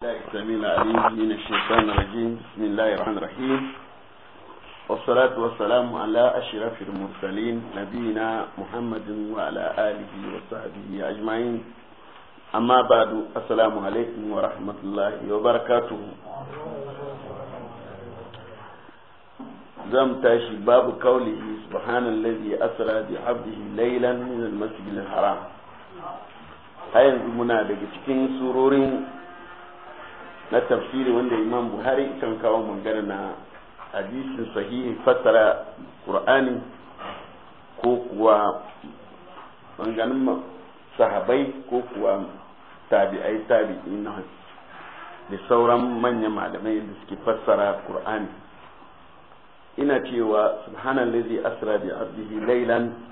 الله السميع العليم من الشيطان الرجيم بسم الله الرحمن الرحيم والصلاة والسلام على أشرف المرسلين نبينا محمد وعلى آله وصحبه أجمعين أما بعد السلام عليكم ورحمة الله وبركاته زم تاشي باب قوله سبحان الذي أسرى بعبده ليلا من المسجد الحرام هاي منا دقيقتين سرورين na tafsiri wanda imam buhari kan kawo magana na hadisin sahihi fassara qur'ani ko kuwa maganganun sahabai ko kuwa tabi'ai tabi'in da sauran manyan malamai da suke fassara qur'ani ina cewa subhanallazi asra bi abdihi laylan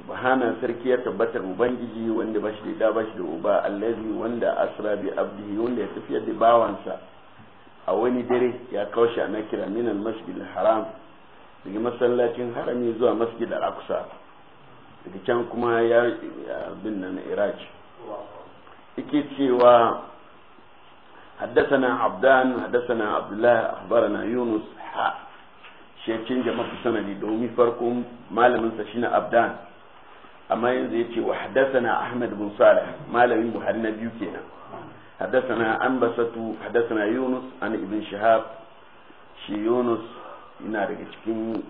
subhana sarki ya tabbata ubangiji wanda ba shi da ba shi da uba allazi wanda asra bi abdihi wanda ya tafiyar da bawansa a wani dare ya kaushe na nakira minan masjid haram daga masallacin harami zuwa masjid al-aqsa daga can kuma ya bin nan iraj yake cewa حدثنا عبدان حدثنا عبد الله اخبرنا يونس ح شيخ sanadi domin دومي فرقم مالمن سشنا عبدان amma yanzu ce wa haddathana ahmad bin salih malamin buhari na biyu kenan haddathana anbasatu haddathana yunus an ibn shihab shi yunus yana daga cikin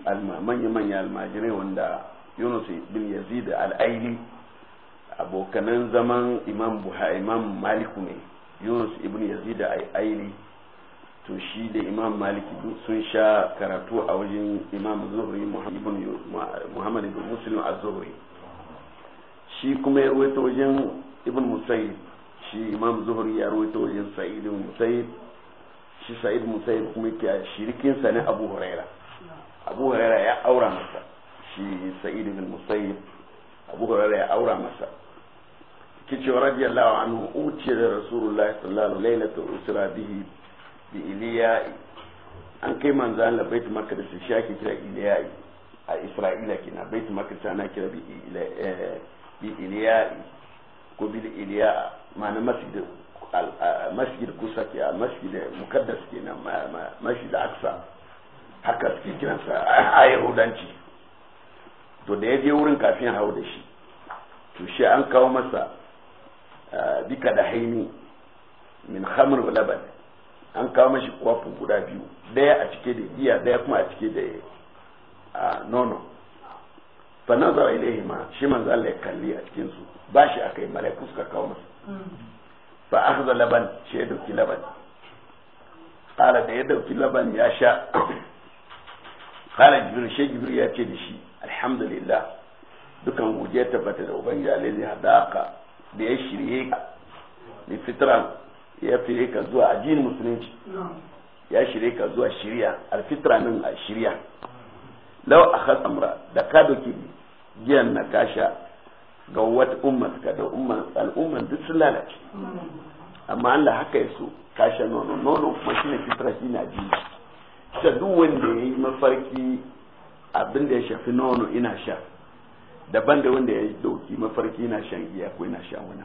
manya manya almajirai wanda yunus bin yazid al-aili abokanan zaman imam buhari imam maliku ne yunus ibn yazid al-aili to shi da imam malik sun sha karatu a wajen imam zuhri muhammad ibn muslim az-zuhri shi kuma ya ruwaito wajen ibn musayyib shi imam zuhri ya ruwaito wajen sa'id musayyib shi sa'id musayyib kuma yake shirikin sa ne abu huraira abu huraira ya aura masa shi sa'id ibn musayyib abu huraira ya aura masa kice radiyallahu anhu uce da rasulullah sallallahu alaihi wasallam usra bihi bi iliya an kai manzo Allah bait maqdis shi ake kira iliya a isra'ila kina bait maqdis ana kira bi iliya eh, bi iliya ko bi iliya ma'ana masjid masjid kusa ke a masjid mukaddas ke nan masjid aksa haka suke sa a yahudanci to da ya je wurin kafin hau da shi to shi an kawo masa bika da haini min khamr wa laban an kawo mashi kwafin guda biyu daya a cike da giya daya kuma a cike da nono fa nazara ilayhima shi manzo Allah ya kalli a cikin su ba shi akai malaiku suka kawo masa fa akhadha laban shi ya dauki laban qala da ya dauki laban ya sha qala jibril shi jibril ya ce da shi alhamdulillah dukan godiya tabbata da ubangiji alaihi hadaka da ya shirye ka ni fitran ya fire ka zuwa ajin musulunci ya shirye ka zuwa shirya alfitra nan a shirya lau a hasamra da ka doki giyan na kasha ga wata umma ka da al'umman duk sun lalace amma Allah haka ya so kasha nono nono kuma shi ne fitra shi na ji ta duk wanda ya yi mafarki abin da ya shafi nono na sha daban da wanda ya doki mafarki na shan giya ko ina sha wani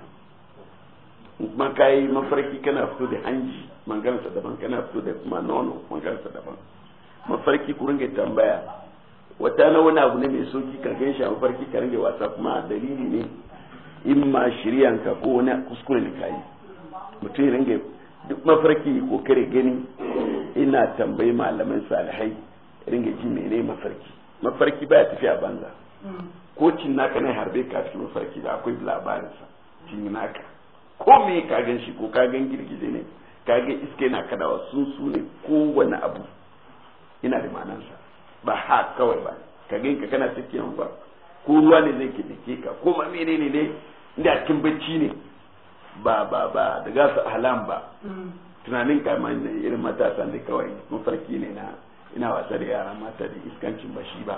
kuma ka yi mafarki kana fito da hanji mangansa daban kana fito da kuma nono mangansa daban mafarki ku ringa tambaya wata na wani abu ne mai soki ka gan shi a mafarki ka rage wasa kuma dalili ne in ma shirya ka ko wani kuskure ne kayi mutum ya rage duk mafarki ko kare gani ina tambayi malaman salihai rage ji mene mafarki mafarki baya tafiya banza ko cin naka ne harbe ka fi mafarki da akwai labarinsa cin naka ko me ka gan shi ko ka gan girgije ne ka ga iske na kadawa sun su ne kowane abu ina da ma'anarsa ba ha kawai ba ka ganka kana cikin ba ko ruwa ne zai kidike ka ko ma menene ne inda cikin bacci ne ba ba ba da su halam ba mm. tunanin ka ma irin matasa ne kawai farki ne na ina wasa da yara mata da iskancin bashi ba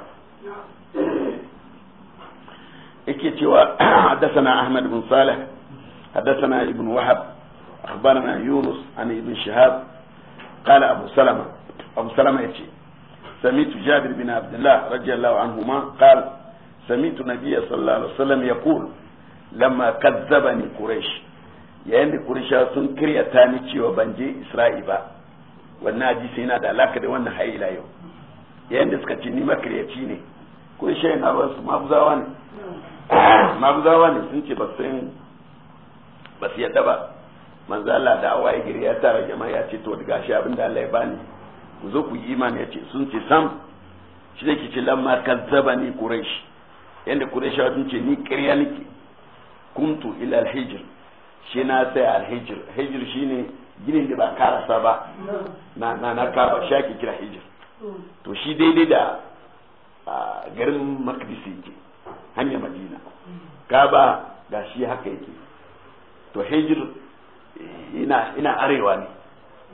yake cewa haddathana ahmad bin salih haddathana ibn wahab akhbarana yunus an ibn shihab qala abu salama abu salama yace سميت جابر بن عبد الله رضي الله عنهما قال سميت النبي صلى الله عليه وسلم يقول لما كذبني قريش yayin da kurisha sun kirya ta ni cewa ban je isra'i ba wannan hadisi yana da alaka da wannan haila yau yayin da suka ce ni makaryaci ne kurisha yana ba su mabuzawa ne mabuzawa ne sun ce ba su yadda ba manzala da awaye giri ya tara jama'a ya ce to daga shi abinda Allah ya bani ku zo ku yi imani yace sun ce sam shi ne ke ce lamma kazzaba ni quraish yanda quraish sun ce ni ƙarya nake kuntu ila alhijr shi na sai alhijr hijr shine ginin da ba karasa ba na na na kaba shi ake kira hijr to shi daidai da garin makdis yake hanya madina kaba ga shi haka yake to hijr eh, ina ina arewa ne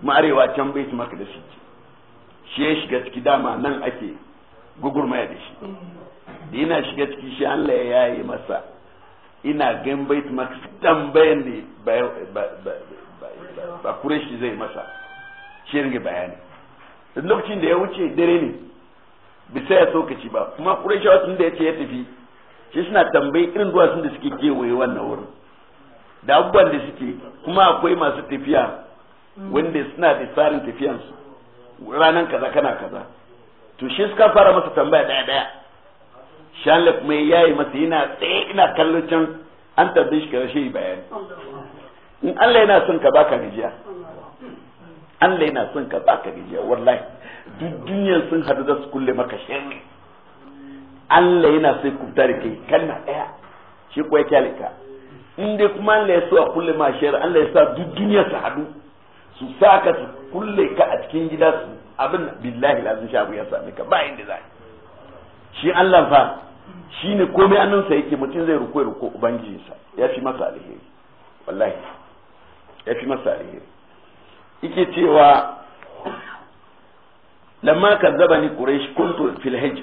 kuma arewa can baitul maqdis yake shi ya shiga ciki dama nan ake gugurmaya da shi da yana shiga ciki shi Allah ya yi masa ina gan bait dan bayan da ba shi zai masa shi ringe bayani lokacin da ya wuce dare ne bisa ya sokaci ba kuma shi wasu da ya ce ya tafi shi suna tambayi irin duwatsun da suke kewaye wannan wurin da abubuwan da suke kuma akwai masu tafiya wanda suna da tsarin tafiyansu ranan kaza kana kaza to shi suka fara masa tambaya daya daya shalif mai yayi masa yana tsaye ina kallon can an tambaye shi kaza shi bayani in Allah yana son ka baka rijiya Allah yana son ka baka rijiya wallahi duk duniyar sun hadu da su kulle maka sharri Allah yana sai kubta da kai kalma daya shi kuwa kyalika in dai kuma Allah ya so a kulle ma sharri Allah ya sa duk duniya ta hadu su sa ka su kulle ka a cikin gida su abin billahi lazim shabu ya sami ka ba inda za shi Allah fa shi ne komai annansa yake mutum zai ruko ruko ubangijinsa ya fi masa alheri wallahi ya fi masa alheri yake cewa lamma ni quraish kuntu fil hajj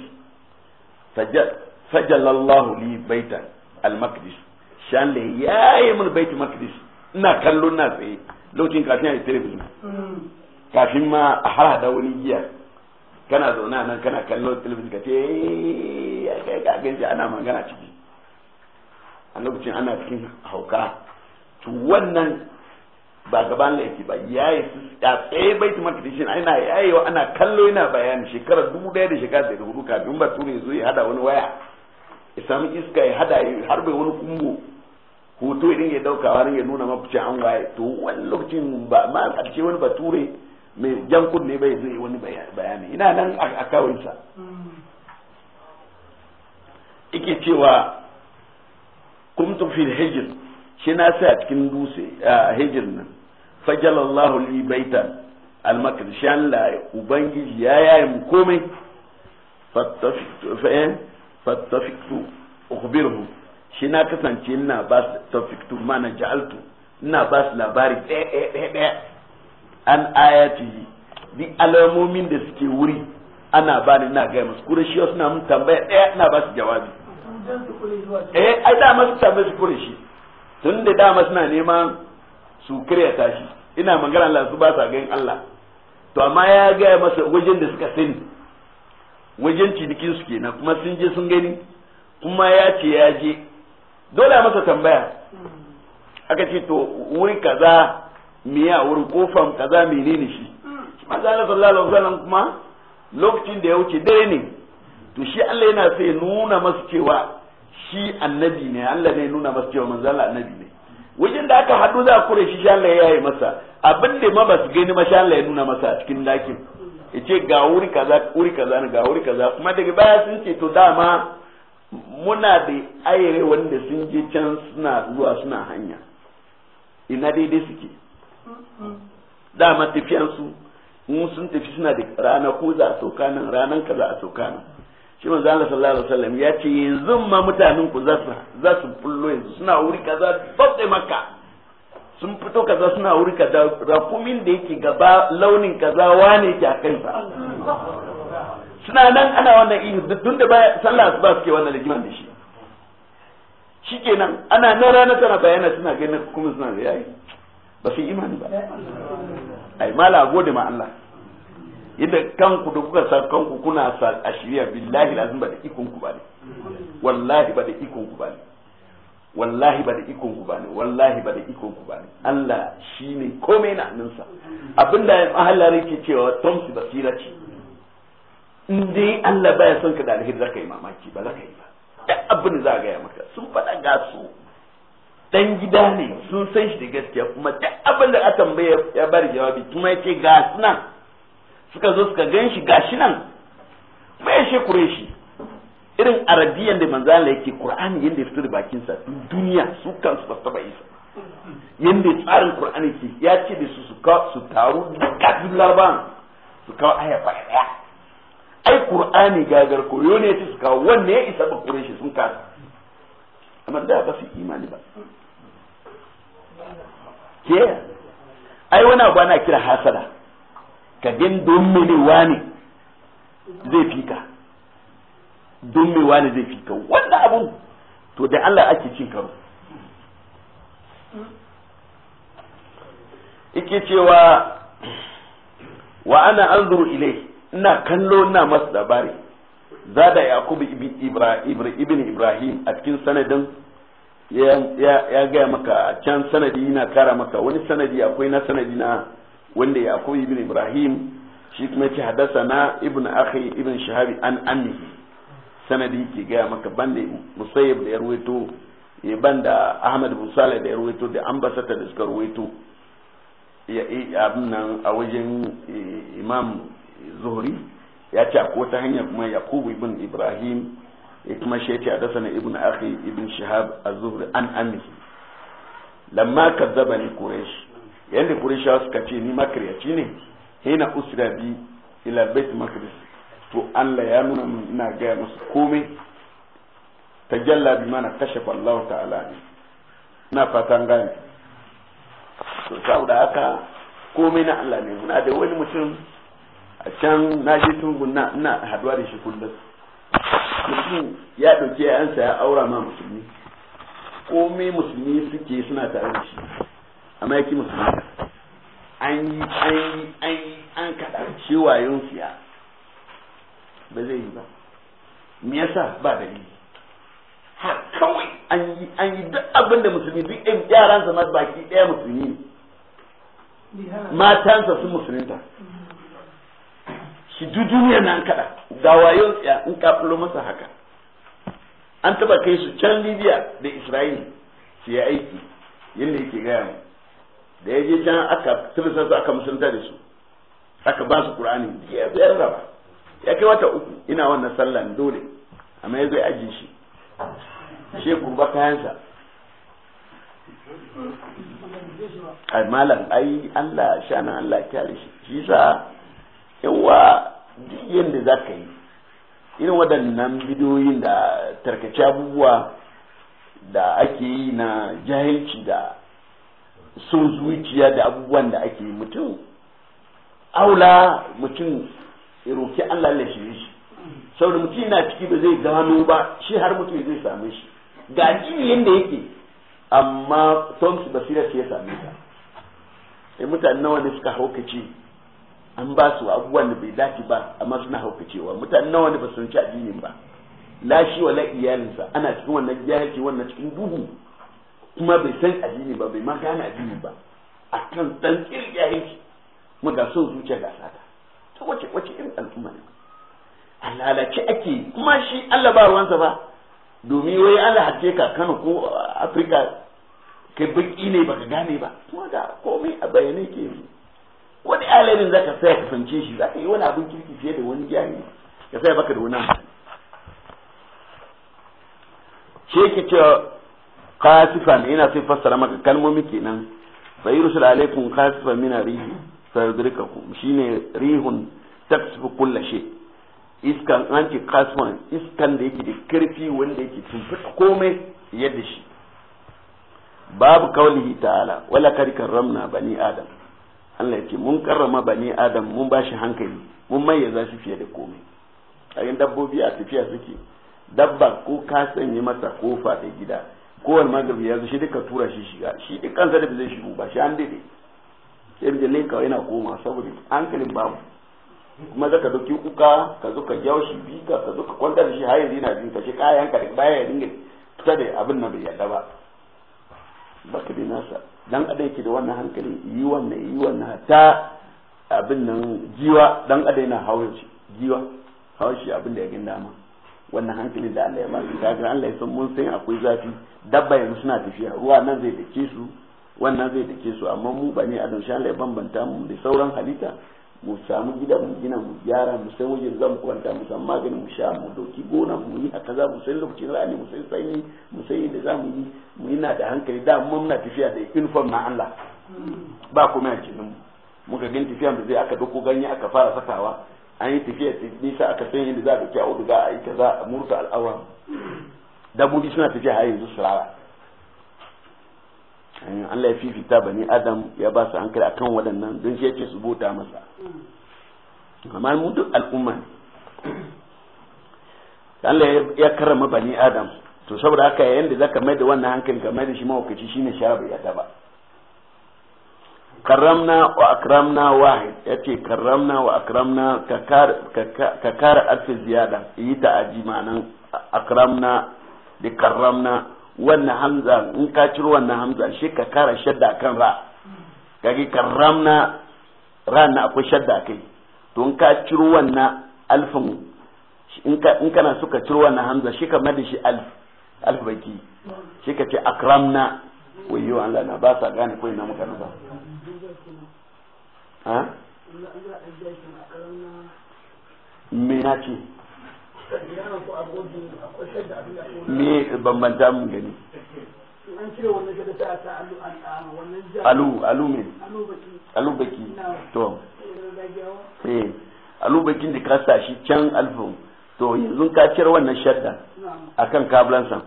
fajjal Allah li baitan al-maqdis shan le yayi mun baitul maqdis ina kallo na tsaye lokacin kafin a yi telebijin mm. kafin ma a harada wani giya kana zaune nan kana kallo telebijin ka ce ya eh, kai kafin shi ana magana ciki a lokacin ana cikin hauka to wannan ba gaban laifi ba ya yi su a tsaye bai tuma katishin ana yayewa ana kallo yana bayani shekarar dubu daya da shekara da hudu kafin ba ture zo ya hada wani waya ya sami iska ya hada ya harbe wani kumbo hoto idan ya dauka wani ya nuna mafice an waye to wani lokacin ba ma karshe wani bature mai jan kunne bai zai wani bayani ina nan a kawunsa ike cewa kumtu fil hijr shi na sa cikin dutse a hijr nan fajalallahu li baita al makr ubangiji ya yayi mu komai fattafiqtu eh? fattafiqtu ukhbiruhu shi na kasance ina ba su tafik turma na ja'altu ina ba su labari ɗaya ɗaya ɗaya an ayati duk alamomin da suke wuri ana ba ni na gaya masu kure shi wasu na mun tambaya ɗaya ina ba su jawabi eh ai da masu tambaya su kure shi tun da dama suna neman su kiryata tashi ina magana Allah su ba sa ganin Allah to amma ya gaya masa wajen da suka sani wajen cinikin su kenan kuma sun je sun gani kuma ya ce ya je dole a masa tambaya aka ce to wuri kaza miya wurin kofan kaza menene shi maza Allah sallallahu alaihi wasallam kuma lokacin da ya wuce dare ne to shi Allah yana sai nuna masa cewa shi annabi ne Allah ne nuna masa cewa manzo Allah annabi ne wajen da aka hadu za a kure shi Allah ya yi masa abin da ma ba su gani ma Allah ya nuna masa a cikin dakin yace ga wuri kaza wuri kaza ga wuri kaza kuma daga baya sun ce to dama muna da ayere wanda sun je can suna zuwa suna hanya ina daidai suke dama tafiyansu in sun tafi suna da rana ko za a sauka nan ranan ka za a sauka nan shi manzo Allah sallallahu alaihi wasallam ya ce yanzu ma mutanen ku za su za su fullo yanzu suna wuri kaza babbe makka sun fito kaza suna wuri kaza rakumin da yake gaba launin kaza wane ke a sa suna nan ana wannan ihu duk da baya sallah ba suke wannan rigiman da shi shikenan ana nan rana tana bayana suna ganin kuma suna da yayi ba su imani ba ai mala gode ma Allah yadda kanku da kuka sa kanku kuna sa a shirya billahi lazim ba da ikon ku bane wallahi ba da ikon ku bane wallahi ba da ikon ku bane wallahi ba da ikon ku bane Allah shine komai na annansa abinda mahallare ke cewa tamsi basira ce in dai Allah baya son ka da alheri zaka yi mamaki ba zaka yi ba duk abin da za gaya maka sun faɗa ga su dan gida ne sun san shi da gaskiya kuma duk abin da aka tambaya ya bari jawabi kuma yace ga nan suka zo suka gan shi gashi nan mai shi kureshi irin arabiyan da Allah yake qur'ani yanda ya fito da bakin sa duniya su kan su fasaba isa yanda tsarin qur'ani ke ya ce da su su taru da kabilar ban su kawo aya ɗaya ai qur'ani gagar koyo ne su kawo wanne ya isa ba shi sun kasa amma da ba su imani ba ke ai wani abu ana kira hasada ka gani don mene wani zai fika don me wani zai fika wannan abun to da Allah ake cin karo yake cewa wa ana anzuru ilai ina kallo ina masa labari da yakubu ibn ibrahim a cikin sanadin ya gaya maka can sanadi yana kara maka wani sanadi akwai na sanadi na wanda yakubu ibn ibrahim shi kuma ce hadasa na ibn akhi ibn shahabi an anni sanadi ke gaya maka banda musayyab da ya ruwaito ya da ahmad bin da ya ruwaito da ambasata da suka ruwaito ya a wajen eh, imam zuhri ya ce ko ta hanyar kuma yakubu ibn ibrahim ya kuma shi yace hadasana ibn akhi ibn shihab az-zuhri an ammihi lamma kadzabani quraish yanda ya suka ce ni makriyaci ne hina usra bi ila bait maqdis to Allah ya nuna min ina gaya musu komai tajalla bi mana kashafa Allah ta'ala ina fatan gani to saboda haka komai na Allah ne muna da wani mutum a can na je tungun na ina haduwa da shi kullum mutum ya ɗauki yayansa ya aura ma musulmi komai musulmi suke suna tare da shi amma yake musulmi an yi an yi an yi an kaɗa siya ba zai yi ba me yasa ba dalili ha kawai an yi an yi duk abin da musulmi duk ɗin yaransa ma baki ɗaya musulmi matansa sun musulunta mm-hmm. shi duk duniya nan kada ga wayo tsaya in ka fulo masa haka an taɓa kai su can libiya da isra'il su yi aiki yadda yake gaya mu da ya je can aka tilasta su aka musanta da su aka ba su qur'ani ya biyar raba ya kai wata uku ina wannan sallan dole amma ya zo ya ajiye shi shi kurba kayansa ai malam ai Allah shanan Allah kyale shi shi sa yawa duk yadda za ka yi irin waɗannan bidiyoyin da tarkace abubuwa da ake yi na jahilci da sun zuciya da abubuwan da ake yi mutum aula mutum ya Allah ya shi shi saboda mutum yana ciki ba zai gano ba shi har mutum zai same shi ga jini yadda yake amma tom basira ce ya same ta mutane nawa ne suka haukace an ba su abubuwan da bai dace ba amma suna cewa mutane nawa ne ba su ci addinin ba lashi wala iyalinsa ana cikin wannan jahilci wannan cikin duhu kuma bai san addini ba bai ma gane addini ba dan kil jahilci mu ga so zuciya ga sata ta wace wace irin al'umma ne a lalace ake kuma shi Allah ba ruwansa ba domin wai Allah hace ka Kano ko Afirka kai baki ne baka gane ba kuma ga komai a bayanai ke wani alerin zaka saya ka sance shi zaka yi wani abin kirki fiye da wani jami ka saya baka da wani amfani shi yake cewa kasifan ina sai fassara maka kalmomi kenan sai rusul alaikum kasifan min rihi sayudrikakum shine rihun taksifu kullashe. shay iskan an ce kasifan iskan da yake da karfi wanda yake tumfuka komai yadda shi babu kaulihi ta'ala wala karikan ramna bani adam Allah yake mun karrama bani adam mun ba shi hankali mun mayyaza shi fiye da komai a yin dabbobi a tafiya suke dabba ko ka sanya mata kofa da gida kowane magabi ya shi duka tura shi shiga shi duk kansa da zai shigo ba shi an daidai sai da ne kawai yana koma saboda hankalin babu kuma zaka dauki kuka ka zo ka jawo shi bi ka zo ka kwantar shi har yanzu yana jin ka shi kayan ka da baya ya dinga fita da abin nan bai yarda ba baka dai nasa dan adam yake da wannan hankali yi wannan yi wannan ta abin nan jiwa dan adam yana hawan shi jiwa hawan shi abin da ya gina ma wannan hankali da Allah ya ba shi kaga Allah ya san mun san akwai zafi dabba yanzu suna tafiya ruwa nan zai dake su wannan zai dake su amma mu ba ne don sha Allah ya bambanta mu da sauran halitta mu samu gida mu gina mu gyara mu sai wajen zan kwanta mu san magani mu sha mu dauki gona mu yi a kaza mu sai lokacin rani mu sai sanyi mu sai da za mu yi mu yi na da hankali da mu muna tafiya da uniform na Allah ba kuma a cikin mu muka gani tafiya da zai aka dauko ganye aka fara sakawa an yi tafiya nisa aka san yadda za a dauki auduga a yi kaza a murta al'aura dabbobi suna tafiya har yanzu sura Eh, Allah ya fifita bani adam ya ba su hankali akan waɗannan don shi yake su bota masa amma mu duk al'umma ne Allah ya karama bani adam to saboda haka yayin da zaka mai da wannan hankali ka mai da shi mawakaci shine sharabi ya taba karramna wa akramna wahid yace karramna wa akramna ka kare arfin ziyada yi ta aji ma'anan akramna da karramna wannan hamza in ka ciro wannan hamza shi ka kara shadda kan ra kage karramna ra na akwai shadda kai to in ka ciro wannan alfin in ka in kana suka ciro wannan hamza shi ka mada shi alf alf baki shi ka ce akramna wayo Allah na ba sa gane ko ina muka nufa ha me na ce me bambanta mun gani alu alu ne alu baki to eh alu bakin da ka sa shi can alfin to yanzu ka cire wannan shadda akan kablansa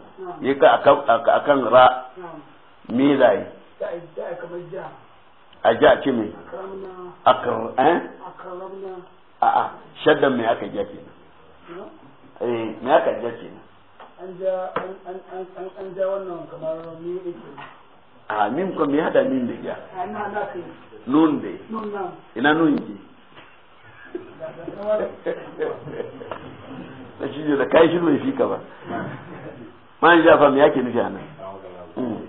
ya ka akan ra me zai a ja ce me akramna eh? a a shadda me aka ja kenan eh me aka ja an ja wannan kamar a min ko me hada mim da nun dai ina nun ki da shi ne da kai shi bai fika ba man fa me yake nufi anan mm.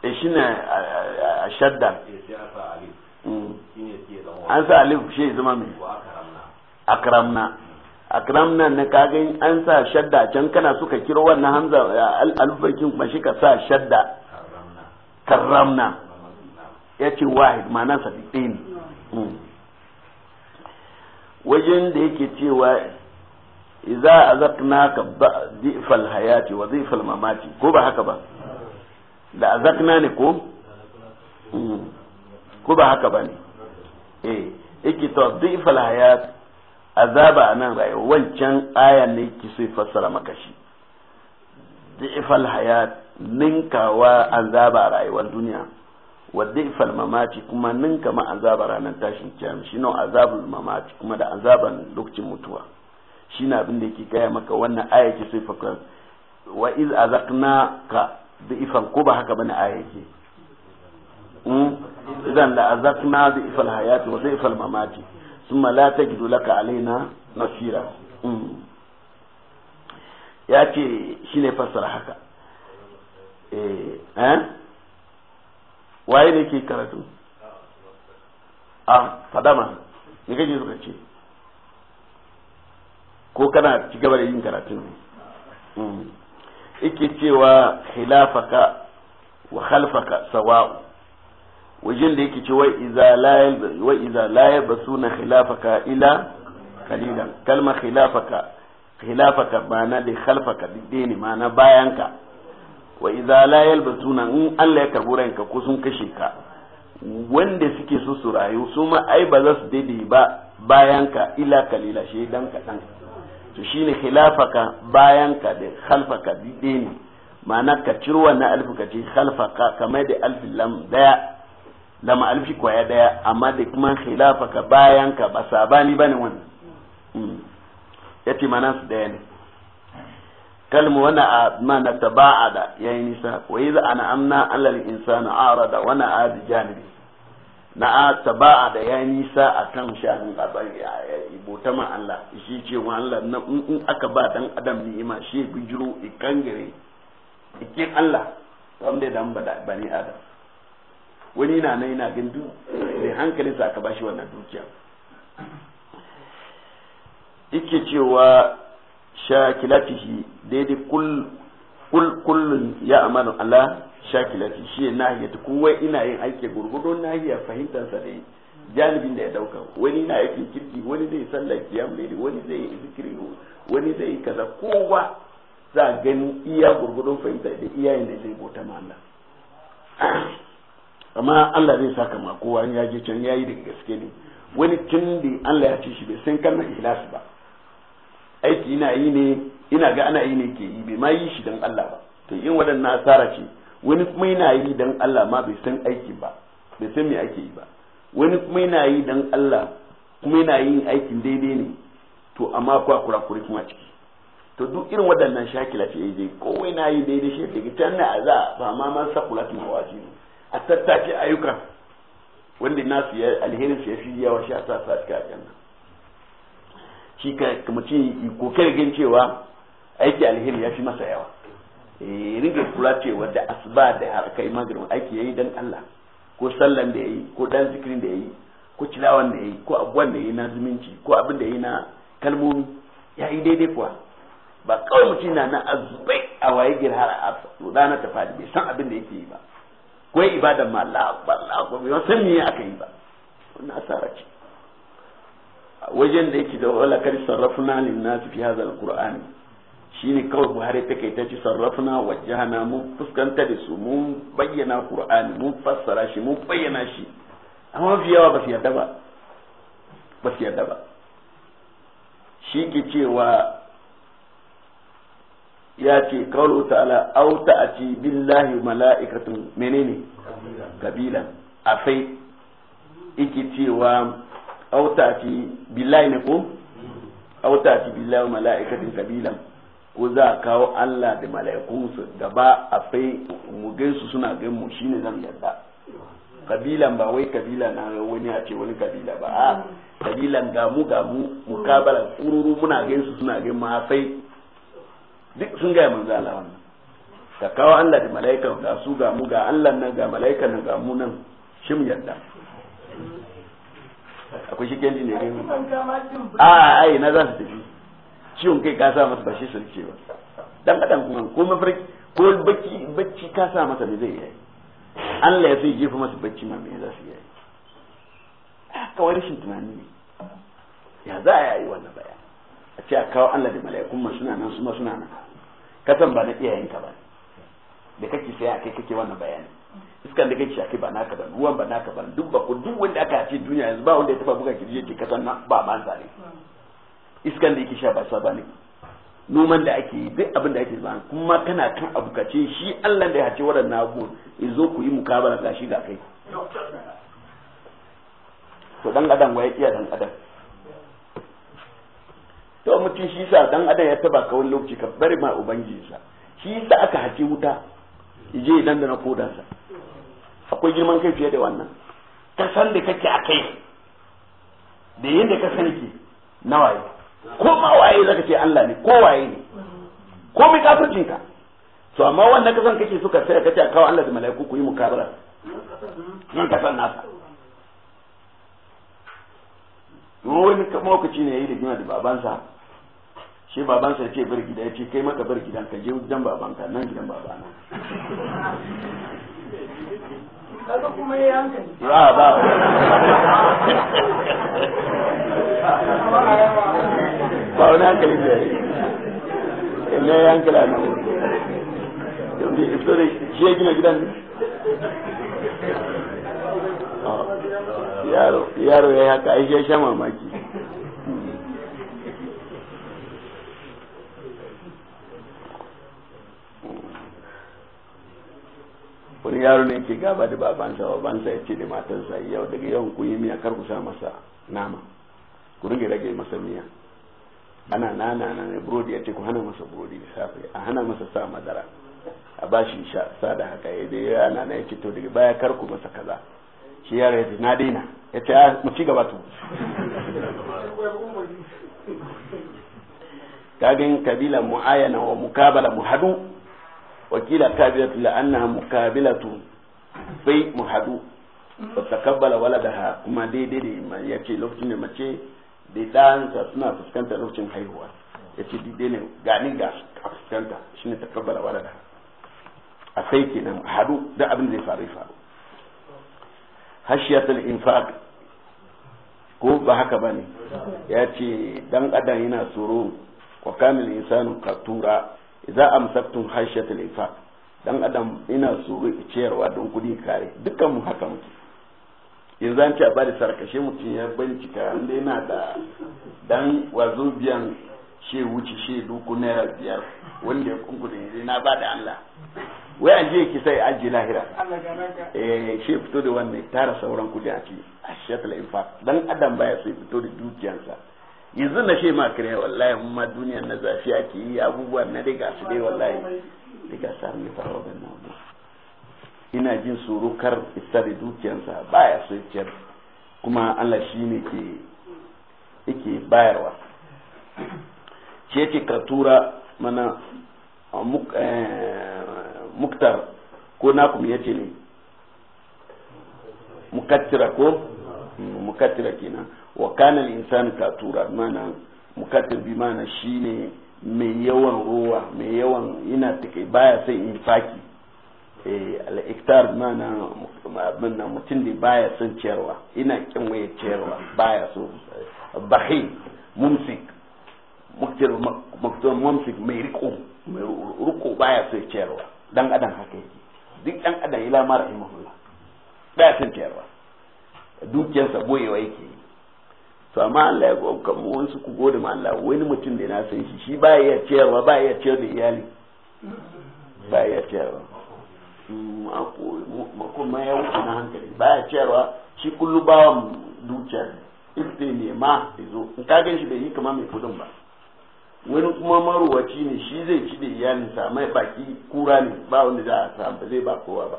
e eh, shi ne a shaddan eh, an sa alif shi zama mai akramna akramna na kaga an sa shadda can kana suka kiro wannan hamza alfarkin kuma shi ka sa shadda karramna ya ce wahid ma'ana sa ne hmm. wajen da yake cewa idza azaqnaka dhifal hayati wa dhifal mamati ko ba haka ba da azaqna ne ko hmm. ko ba haka ba ne eh yake to dhifal hayat azaba anan rayu wancan aya ne yake sai fassara maka shi ifal hayat ninkawa azaba rayuwar duniya wa ifal mamati kuma ninka ma azaba ranar tashin shi no azabul mamati kuma da azaban lokacin mutuwa shi na abin da yake gaya maka wannan aya yake sai fassara wa iz azaqna ka dhifan ko ba haka bane aya yake idan la azakna bi ifal hayati wa ifal mamati thumma la tajidu laka alaina nasira mm. ya ce shine fassara haka eh, eh? waye ne ke karatu a ah, fadama me kake suka ce ko kana ci gaba da yin karatun ne ike mm. cewa khilafaka wa khalfaka sawa'u wajen da yake ce wa iza ba suna khilafaka ila kalilan kalma khilafaka khilafaka ma'ana da khalfaka duk ne ma'ana bayanka wa iza ba suna in Allah ya karbi ranka ko sun kashe ka wanda suke so su rayu su ma ai ba za su daidai ba bayanka ila kalila shi dan kaɗan to shine khilafaka bayanka da khalfaka duk ne ma'ana ka ciro wannan alfi ka ce khalfaka kamar da alfin lam daya da ma'alfi kwaya daya amma da kuma khilafa ka bayan ka ba sabani bane wannan hmm. ya ce mana su daya ne kalmu wani a mana ta ba'a da ya yi nisa wa yi ana amna alal insana ara da wani a da janibi na a ta ba'a da ya nisa a kan shanin gaban ibota ma Allah shi ce wa Allah na in aka ba dan adam ima shi bijiro ikangare ikin Allah wanda ya dan bani adam wani na nan yana gindu da hankalin sa aka bashi wannan dukiya yake cewa shakilatihi daidai kul kullun ya amanu ala shakilati shi nahiyatu kowa ina yin aiki na nahiya fahimtar sa dai janibin da ya dauka wani na aikin kirki wani zai sallah kiyam ne wani zai yi zikiri wani zai yi kaza kowa za gani iya gurgudon fahimta da iyayen da zai bota ma Allah amma Allah zai saka ma kowa in ya je can ya yi daga gaske ne wani tun da Allah ya ce shi bai san kan ikhlas ba aiki ina yi ne ina ga ana yi ne ke yi bai ma yi shi dan Allah ba to in wadannan asara ce wani kuma ina yi dan Allah ma bai san aiki ba bai san me ake yi ba wani kuma ina yi dan Allah kuma ina yin aikin daidai ne to amma kwa kurakuri kuma ciki to duk irin waɗannan shakila ce je eh, kowai na yi daidai shi daga can na za ba ma man sakula tun hawa ne a tattace ayyukan wanda nasu ya alherin su ya fi yawa shi a sa sa cikin aljanna shi ka mutum kokarin gan cewa aiki alheri ya fi masa yawa eh, ringar kula cewa da asuba da harkai maganin aiki yayi dan Allah ko sallan da yayi ko dan zikirin da yayi ko tilawan da yayi ko abuwan da yayi na zumunci ko abin da yayi na kalmomi yayi daidai kuwa ba kawai mutum na na azubai a waye girhar a ranar ta fadi bai san abin da yake yi ba kawai ibadan ma Allah akbar Allah akbar bai san me aka yi ba wannan asara ce wajen da yake da wala kar sarrafna lin nas fi hadha alquran shine kawai buhari take ta ci sarrafna wajjahna mun fuskanta da su mun bayyana qur'ani mun fassara shi mun bayyana shi amma fi yawa ba su yarda ba ba su yarda ba shi ke cewa ya ce kawo ta'ala auta a ci billahi mala'ikatun menene kabila a fai iki cewa auta a ci billahi ne ko auta a ci billahi mala'ikatun kabila ko za a kawo Allah da mala'ikunsu gaba fai mu gaisu suna gan mu shine zan yarda kabilan ba wai kabila na wani a ce wani kabila ba a kabilan gamu gamu mukabalan kururu muna gaisu suna gan mu a fai duk sun gaya manzo Allah wannan ka kawo Allah da mala'ika ga su ga mu ga Allah nan ga mala'ika nan ga mu nan shim yadda akwai shi kendi ne gani a ai na za su tafi ciwon kai ka sa masa ba shi sulke ba dan kadan kuma ko mafarki ko bacci bacci ka sa masa me zai yi Allah ya sai jefa masa bacci ma me za su yi kawai rashin tunani ne ya za a yi wannan baya a ce a kawo Allah da mala'ikun ma suna nan suma suna nan kasan ba na iyayenka ba da kake sai a kai kake wannan bayani iskan da kake shaki ba naka ba ruwan ba naka ba duk ba ku duk wanda aka ce duniya yanzu ba wanda ya taba buga kirje ke kasan nan ba ma zare iskan da yake sha ba sa ba ne noman da ake yi duk abin da ake zama kuma kana kan abu kace shi Allah da ya hace waɗannan in zo ku yi mukabara shi ga kai to dan adam waye iya dan adam to mutum shi sa dan adam ya taba ka wani lokaci ka bari ma ubangijinsa shi sa aka hace wuta je dan da na sa akwai girman kai fiye da wannan ka san da kake a kai da yadda ka san ki na waye ko ma waye zaka ce Allah ne ko waye ne ko mai kafircin ka to amma wannan kasan kake suka sai kace a kawo Allah da mala'iku ku yi mukabara nan san nasa wani kamar ne ya yi da juna da babansa shi babansa ce bar gida ya ce kai maka bar gidan ka je gidan babanka nan gidan babana kaga ya hankali a nan shi ya gina gidan ah. yaro yaro sha mamaki wani yaro ne ke gaba da babansa babansa ya ce da matansa yau daga yawan kun yi miya kar ku sa masa nama ku rage rage masa miya ana nana na ne burodi ya ce ku hana masa burodi da safe a hana masa sa madara a shi sha sa da haka ya dai yana na ya ce to daga baya kar ku masa kaza shi yaro ya ce na daina ya ce a ah, mu ci gaba to kagin kabilan mu'ayana wa mukabala mu hadu wakila kabiratu la'annaha mukabilatu sai mu hadu ba takabbala wala da kuma daidai da ya ce lokacin da mace da ɗansa suna fuskantar lokacin haihuwa ya ce daidai ne gani ga a fuskanta shi ne wala da a sai kenan hadu da abin da zai faru faru in fak ko ba haka ba ne ya ce dan adam yana tsoro wa kamil ka tura. idza amsaktum khashiyatul infaq dan adam ina tsoro ciyarwa don kudi kare dukkan mu haka muke yanzu an ce a bada sarkashe mutum ya bincika inda yana da dan wazo biyan she wuce she duku naira biyar wanda ya kunkuna ne na ba da Allah wai an je ki sai an lahira eh she fito da wannan tara sauran kudi a ciki ashiyatul infaq dan adam baya sai fito da dukiyarsa yanzu na ce ma kare wallahi mun ma duniyar na zafi ke yi abubuwan na dai gasu dai wallahi dai ga sa ne fara na abu ina jin surukar kar isa da dukiyarsa baya so ciyar kuma Allah shi ne ke yake bayarwa shi yake kartura mana eh, muktar ko na nakum yace ne mukattira ko mukattira kenan wa kana al-insan katura mana mukattir bi mana shine mai yawan ruwa mai yawan yana take baya sai infaki eh al-iktar mana abin mutum da baya son ciyarwa ina kin waye ciyarwa baya so bahi mumsik muktir muktir mumsik mai riko mai riko baya so ciyarwa dan adam haka yake duk dan adam ila mara rahimahullah baya son ciyarwa dukiyarsa boyewa yake yi to amma Allah ya gwamka mu wani ku gode ma Allah wani mutum da na san shi shi ba ya ciyarwa ba ya ciyar da iyali ba ya ciyarwa ma ya wuce na hankali ba ya ciyarwa shi kullu bawan dukiyar ife ne ma ya zo in ka gan shi bai yi kama mai kudin ba wani kuma maruwaci ne shi zai ci da sa mai baki kura ne ba wanda za a samu ba zai ba kowa ba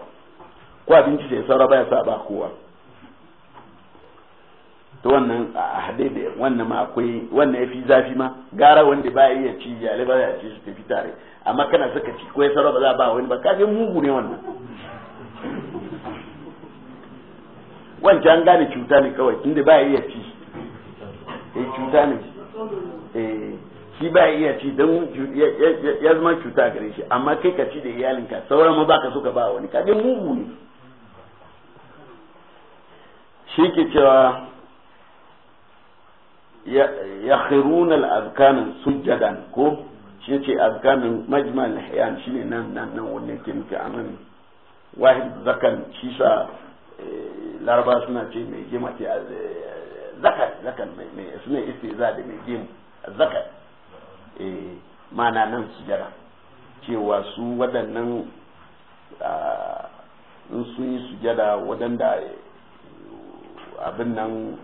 ko abinci da ya saura ba ya sa ba kowa to wannan a hade da wannan ma akwai wannan ya fi zafi ma gara wanda ba iya ci yale ba ya ci su tafi tare amma kana saka ci ko ya sarrafa za ba wani ba kafin mugu ne wannan wancan an gane cuta ne kawai inda ba iya ci eh cuta ne eh shi ba iya ci don ya zama cuta gare shi amma kai ka ci da iyalinka sauran ma baka so ka ba wani kafin mugu ne shi ke cewa yakhiruna al-azkana sujadan ko shi ce azkanin majmal al-hiyan shine nan nan nan wannan ke muke anan wahid zakan shi sa eh, laraba suna ce mai gema ce eh, zakan zakan mai suna istiza da mai gemu zakan eh mana nan sujada cewa su waɗannan in sun yi sujada waɗanda eh, abin nan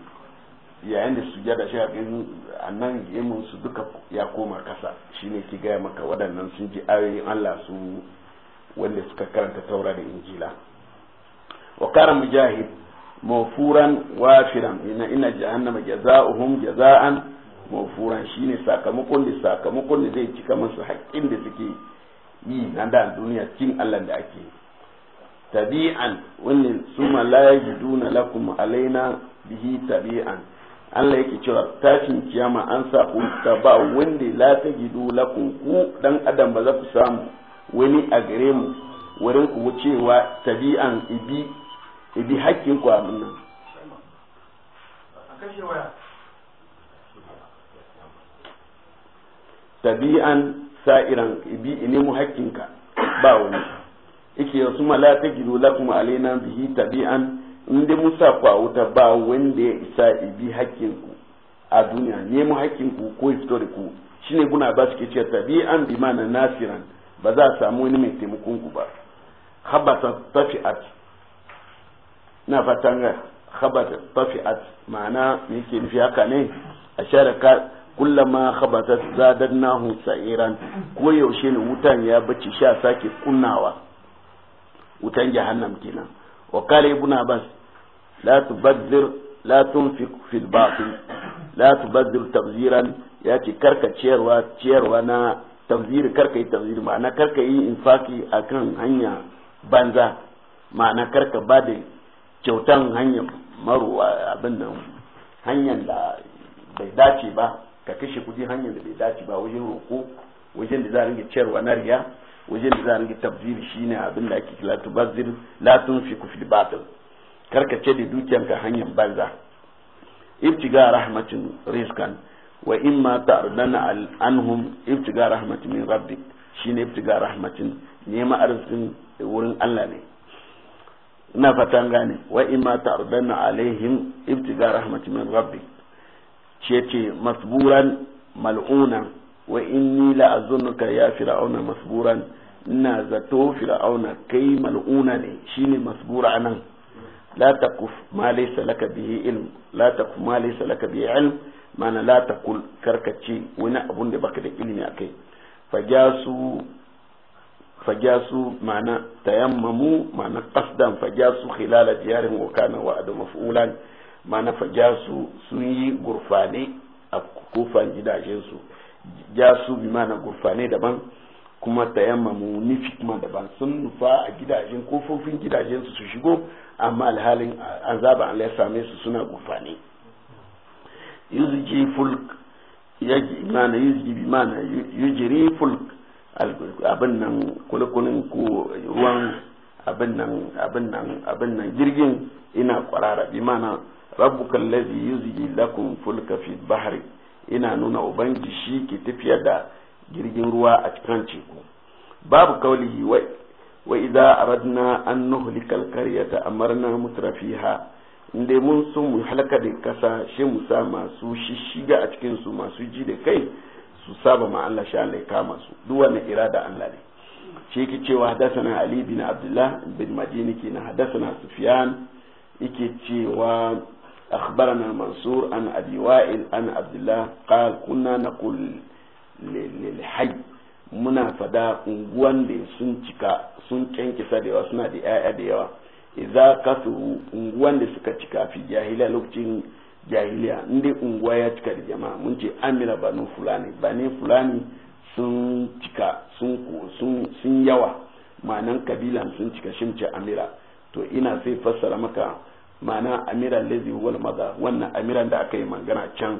yayin da su sujada shi a nan gemun su duka ya koma kasa shine ki gaya maka waɗannan sun ji ayoyin Allah su wanda suka karanta taura da injila wa qara mujahid mafuran wafiran ina ina jahannama jazaohum jazaan mafuran shine sakamakon da sakamakon da zai cika musu haƙƙin da suke yi na da duniya cin Allah da ake tabi'an wannan suma la yajiduna lakum alaina bihi tabi'an Allah yake cewa tashin kiyama an sa ta ba wanda la ta gidu la ku dan adam ba za ku samu wani a gare mu wurin ku wucewa tabi'an ibi ibi hakkin ku a nan tabi'an sa'iran ibi nemo hakkinka ba wani yake yasu ma la ta gidu kuma alaina bihi tabi'an in musa ku a wuta ba wanda ya isa ibi hakkinku a duniya nemo hakkinku ko fito da ku shine guna ba suke cewa an bi mana nasiran ba za a samu wani mai taimakon ku ba habata tafi'at na fatan ga habata tafi'at ma'ana yake nufi haka ne a share kullama na zadannahu sa'iran ko yaushe ne wutan ya bace sha sake kunnawa wutan jahannam kenan wa qala ibnu abbas la tubazzir la tunfiq fil batil la tubazzir tabziran ya ce karka ciyarwa ciyarwa na tabzir karka yi tabzir ma'ana karka yi infaki akan hanya banza ma'ana karka ba da kyautar hanyar maruwa abin nan hanyar da bai dace ba ka kashe kudi hanyar da bai dace ba wajen roko wajen da za a ringa ciyarwa na riya wajen da a ringa tabzir shine abin da ake kira tubazzir karkace da dukiyanka hanyar banza ibtiga rahmatin rizkan wa in ma ta'dana anhum ibtiga rahmatin min rabbik shine ibtiga rahmatin nema arzikin wurin Allah ne ina fatan gane wa in ma ta'rudana alaihim ibtiga rahmatin min rabbik ce ce masburan mal'una wa inni la azunuka ya fir'auna masburan ina zato fir'auna kai mal'una ne shine masbura anan la taquf ma laysa laka bihi ilm la taquf ma laysa laka bihi ilm mana la taqul karkace wani abun da baka da ilmi akai fajasu fajasu mana tayammamu mana qasdan fajasu khilala diyarin wa kana wa'du maf'ulan mana fajasu sun yi gurfane a kofan gidajensu jasu bi mana gurfane daban kuma tayammamu nufi kuma daban sun nufa a gidajen kofofin gidajen su su shigo amma alhalin azaba Allah ya same su suna gufani yuzji fulk yaji mana bi mana fulk abin nan kulkunin ko ruwan abin nan abin nan abin nan jirgin ina kwarara bi mana rabbuka allazi yuzji lakum fulka fi bahri ina nuna ubangi shi ke tafiyar da jirgin ruwa a cikin teku babu kauli wai wa idza aradna an nuhlika alqaryata amarna mutrafiha inda mun sun mu halaka da kasa shi mu sa masu shishiga a cikin su masu ji da kai su saba ma Allah sha Allah kama su duk wannan irada Allah ne shi yake cewa hadathana ali bin abdullah bin madini kenan hadathana sufyan yake cewa akhbarana mansur an abi wa'il an abdullah qala kunna naqul lilhaj muna fada unguwan da sun cika sun kyankisa da yawa suna da yaya da yawa idza kasu unguwan da suka cika fi jahiliya lokacin jahiliya inda unguwa ya cika da jama'a mun ce amira banu fulani bani fulani sun cika sun sun yawa ma'anan kabilan sun cika shin ce amira to ina sai fassara maka ma'ana amira lazi wal maza wannan amiran da aka yi magana can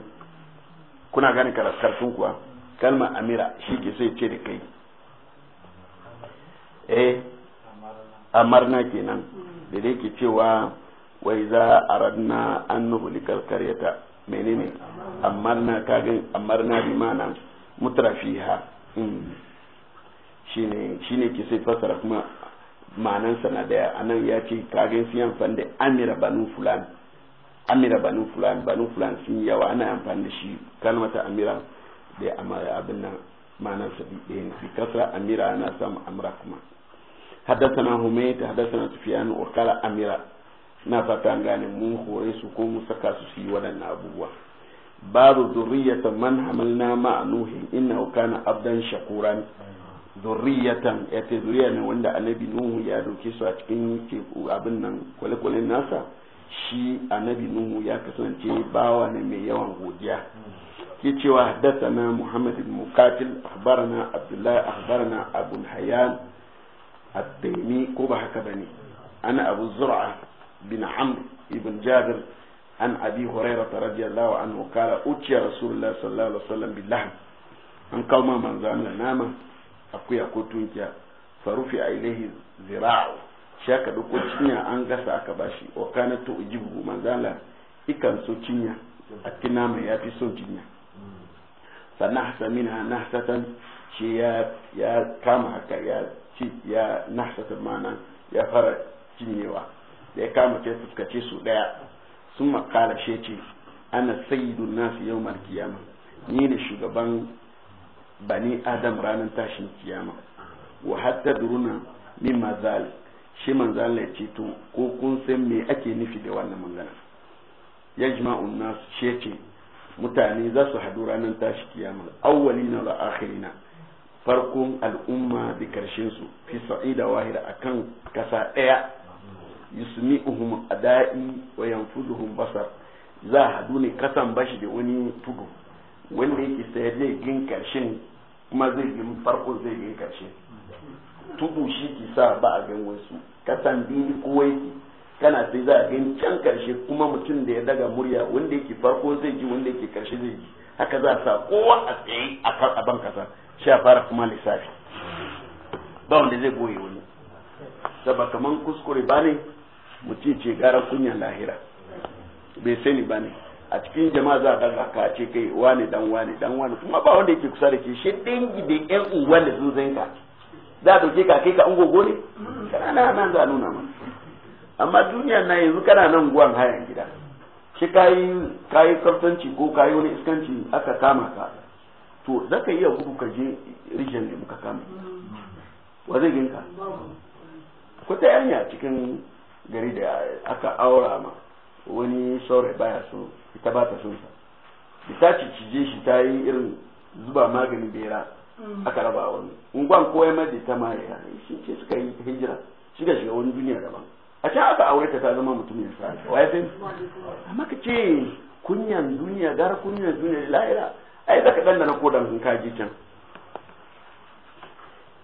kuna gane sun kuwa kalma amira shi ke sai ce da kai eh amarna kenan da dai ke cewa wai za a radna an nuhulikar karyata menene amarna kagin amarna bi mana mutrafiha hmm. shine shine ke sai fasara kuma ma'anansa na daya anan ya ce kagin sun yi amfani da amira banu fulani amira banu fulani banu fulani sun yawa ana amfani da shi kalmata amira ɗaya amma ya abin nan ma'anar sabi ɗaya ne fi amira na samu amira kuma haddasana humayt haddasana sufyan wa qala amira na fata gane mun hore su ko mu saka su su yi waɗannan abubuwa babu zurriyatan man hamalna ma nuhi innahu kana abdan shakuran zurriyatan ya ce zuriya ne wanda annabi nuhu ya doke su a cikin abin nan kwale nasa shi annabi nuhu ya kasance bawa ne mai yawan godiya ke cewa haddathana Muhammad ibn Muqatil akhbarana Abdullah akhbarana Abu Hayyan ad-Daimi ko ba haka bane ana Abu Zur'a bin Amr ibn Jabir an Abi Hurairah radiyallahu anhu kala uciya Rasulullah sallallahu alaihi wasallam billah an kauma manzo Allah nama akuya ko tunkiya farufi ilaihi zira'u shi aka dauko cinya an gasa aka bashi wa kana to ujibu manzo ikan so cinya ya fi son cinya فنحس منها نحسة shi ya kama haka ya ya nahsata mana ya fara cinyewa da ya kama ce fuskace su daya sun makala she ana sayyidun nasu yau kiyama ni ne shugaban bani adam ranar tashin kiyama wa hatta duruna min mazal shi manzal ne ko kun san me ake nufi da wannan magana yajma'un nasu ce mutane za su hadu ranar tashi kiyama na da akhirina farkon al'umma da karshen su fi sa'ida wahida akan kasa yusmi uhum ada'i wa yanfuduhum basar za hadu ne kasan bashi da wani tudu wanda yake sai zai gin karshen kuma zai gin farko zai gin karshen tudu shi ki sa ba a gan wasu kasan biyu kowai kana sai za a gani can karshe kuma mutum da ya daga murya wanda yake farko zai ji wanda yake karshe zai ji haka za a sa kowa a tsaye a kan aban kasa a fara kuma lissafi ba wanda zai goye wani saba kaman kuskure ba ne mutum ce gara kunyan lahira bai sani ba ne a cikin jama'a za a daga ka ce kai wani dan wani dan wani kuma ba wanda yake kusa da ke shi dangi da yan uwan da sun za a dauke ka kai ka an gogo ne kana nan za a nuna mana amma duniya na yanzu kana nan guwan hayan gida shi kayi kayi kaftanci ko kayi wani iskanci aka kama ka to zaka iya gudu ka je rijiyar da muka kama wa zai ginka kuta yanya cikin gari da aka aura ma wani saurai baya so ita ba ta sa ita ci cije shi ta yi irin zuba maganin bera aka raba wani ungwan koyar mai da ita ma ya shi ce suka yi hijira shiga shiga wani duniya daban a can aka aure ta ta zama mutumin sa wai sai amma ka ce kunyan duniya gara kunyan duniya lahira ai zaka danna na kodan kun kaji can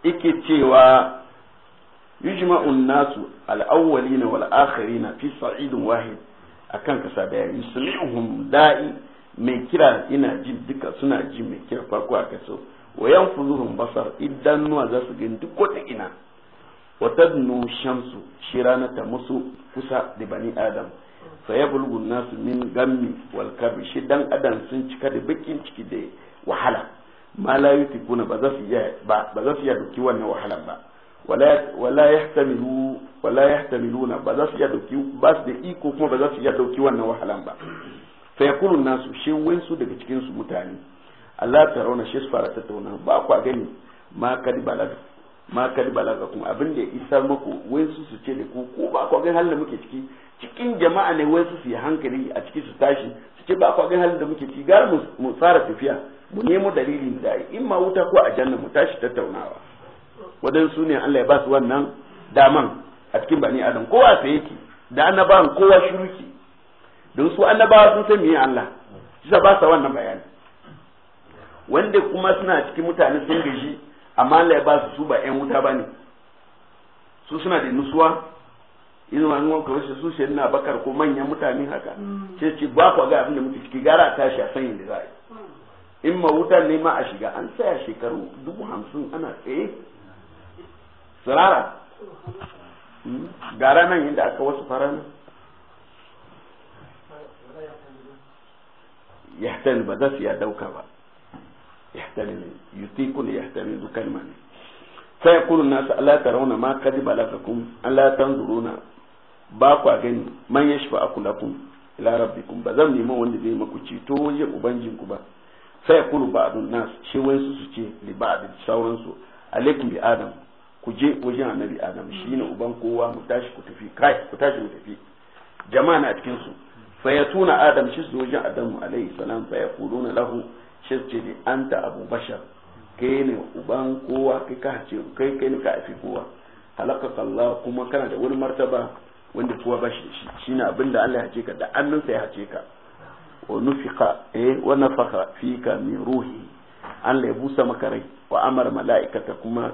yake cewa yujma'u nasu al-awwalina wal akhirina fi sa'idin wahid akan kasa daya yusmi'uhum da'i mai kira ina ji duka suna ji mai kira farko a kaso wa yanfuzuhum basar idan nuwa za su gani duk ina wata shamsu shi rana ta musu kusa da bani adam saya bulgun nasu min gammi wal kabi shi dan adam sun cika da bakin ciki da wahala malayu la yutikuna ba za su iya ba ba za wannan wahalan ba wala wala yahtamilu wala yahtamiluna ba za su iya doki ba su da iko kuma ba za su iya doki wannan wahalan ba fa yakulu nasu shi wensu daga cikinsu mutane Allah ta rauna shi su fara ta tattauna ba kwa gani ma kadi ba ma kadi balaga kuma abin da ya isar muku wai su ce da ku ko ba ku ga halin da muke ciki cikin jama'a ne wai su yi hankali a ciki su tashi su ce ba ku ga halin da muke ciki gar mu tsara tafiya mu nemo dalilin da in ma wuta ko a aljanna mu tashi tattaunawa wadansu ne Allah ya ba su wannan daman a cikin bani adam kowa sai yake da annabawan kowa shiruki don su annabawa sun san meye Allah shi ba sa wannan bayani wanda kuma suna cikin mutane sun gaji amma Allah ya ba su su ba ƴan wuta ba ne su suna da nusuwa Ina wani wanka wasu su shi na bakar ko manyan mutane haka ce mm. ce ba ku ga abin da muke ciki gara a tashi a sanyin da za a yi mm. in ma wuta ne ma a shiga an tsaya shekaru dubu hamsin ana tsaye tsirara mm. gara nan yadda aka wasu fara nan. ya ba za su ya dauka ba يحتمل يطيقون يحتمل كلمة فيقول الناس ألا ترون ما كذب لكم ألا تنظرون باكو أغني من يشفع لكم إلى ربكم بذن نيما وندي زي مكو تشيتو وجه أبنجين كبا فيقول بعض الناس شي وينسو سوشي لبعض سورنسو عليكم بآدم kuje wajen annabi adam shine uban kowa mu tashi ku tafi kai ku tashi mu tafi jama'a na cikin su fa yatuna adam shi wajen adam alayhi salam fa yaquluna lahu shi ne an ta abu bashar ke ne uban kowa ke ka hace kai kai ne ka haifi kowa halakaka Allah kuma kana da wani martaba wanda kowa ba shi da shi shine abin da Allah ya hace ka da annansa ya hace ka wa nufiqa eh wa nafakha fika min ruhi Allah ya busa maka rai wa amara mala'ikata kuma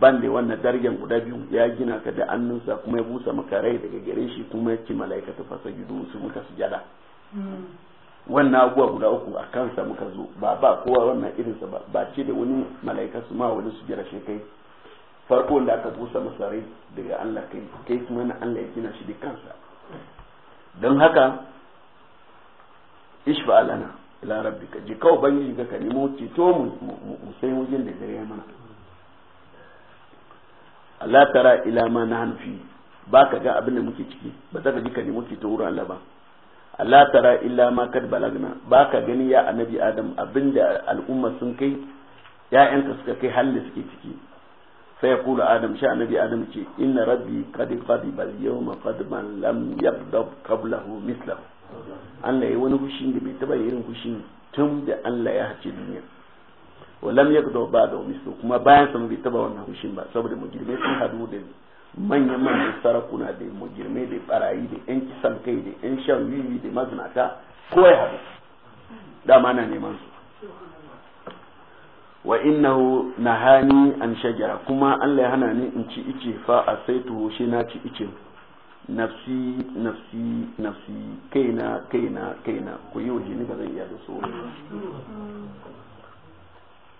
bande wannan darajar guda biyu ya gina ka da annunsa kuma ya busa maka daga gare shi kuma ya ci mala'ikata fasa gidu su muka sujada hmm. wannan abubuwa guda uku a kansa muka zo ba ba kowa wannan irinsa ba ba ce da wani mala'ika su ma wani su jira shi kai farko da aka busa masarai daga Allah kai kai kuma na Allah ya gina shi da kansa don haka ishfa alana ila rabbika ji kawai ubangiji ga ka nemo ceto mu mu sai wajen da gare mana Allah tara ila ma na hanfi ba ka ga abin da muke ciki ba ta ka ji ka nemo ceto wurin Allah ba Allah tara illa ma kad balagna ba ka gani ya annabi adam abinda al'umma sun kai ya'yanka suka kai halin suke ciki sai ya kula adam sha annabi adam ce inna rabbi qad qadi bal yawma man lam yabda qablahu mislahu Allah yayi wani hushin da bai taba irin hushin tun da Allah ya hace duniya wa lam ba da mislu kuma bayan sa bai taba wannan hushin ba saboda mu girme sun hadu da manyan manyan sarakuna da mujirmai da barayi da yan kisan kai da yan shan wiwi da mazinata ko ya haɗu dama na neman su wa innahu nahani an shajara kuma Allah ya hana ni in ci ice fa a tuho shi na ci ice nafsi nafsi nafsi kaina kaina kaina ku yi waje ni ba zan iya da su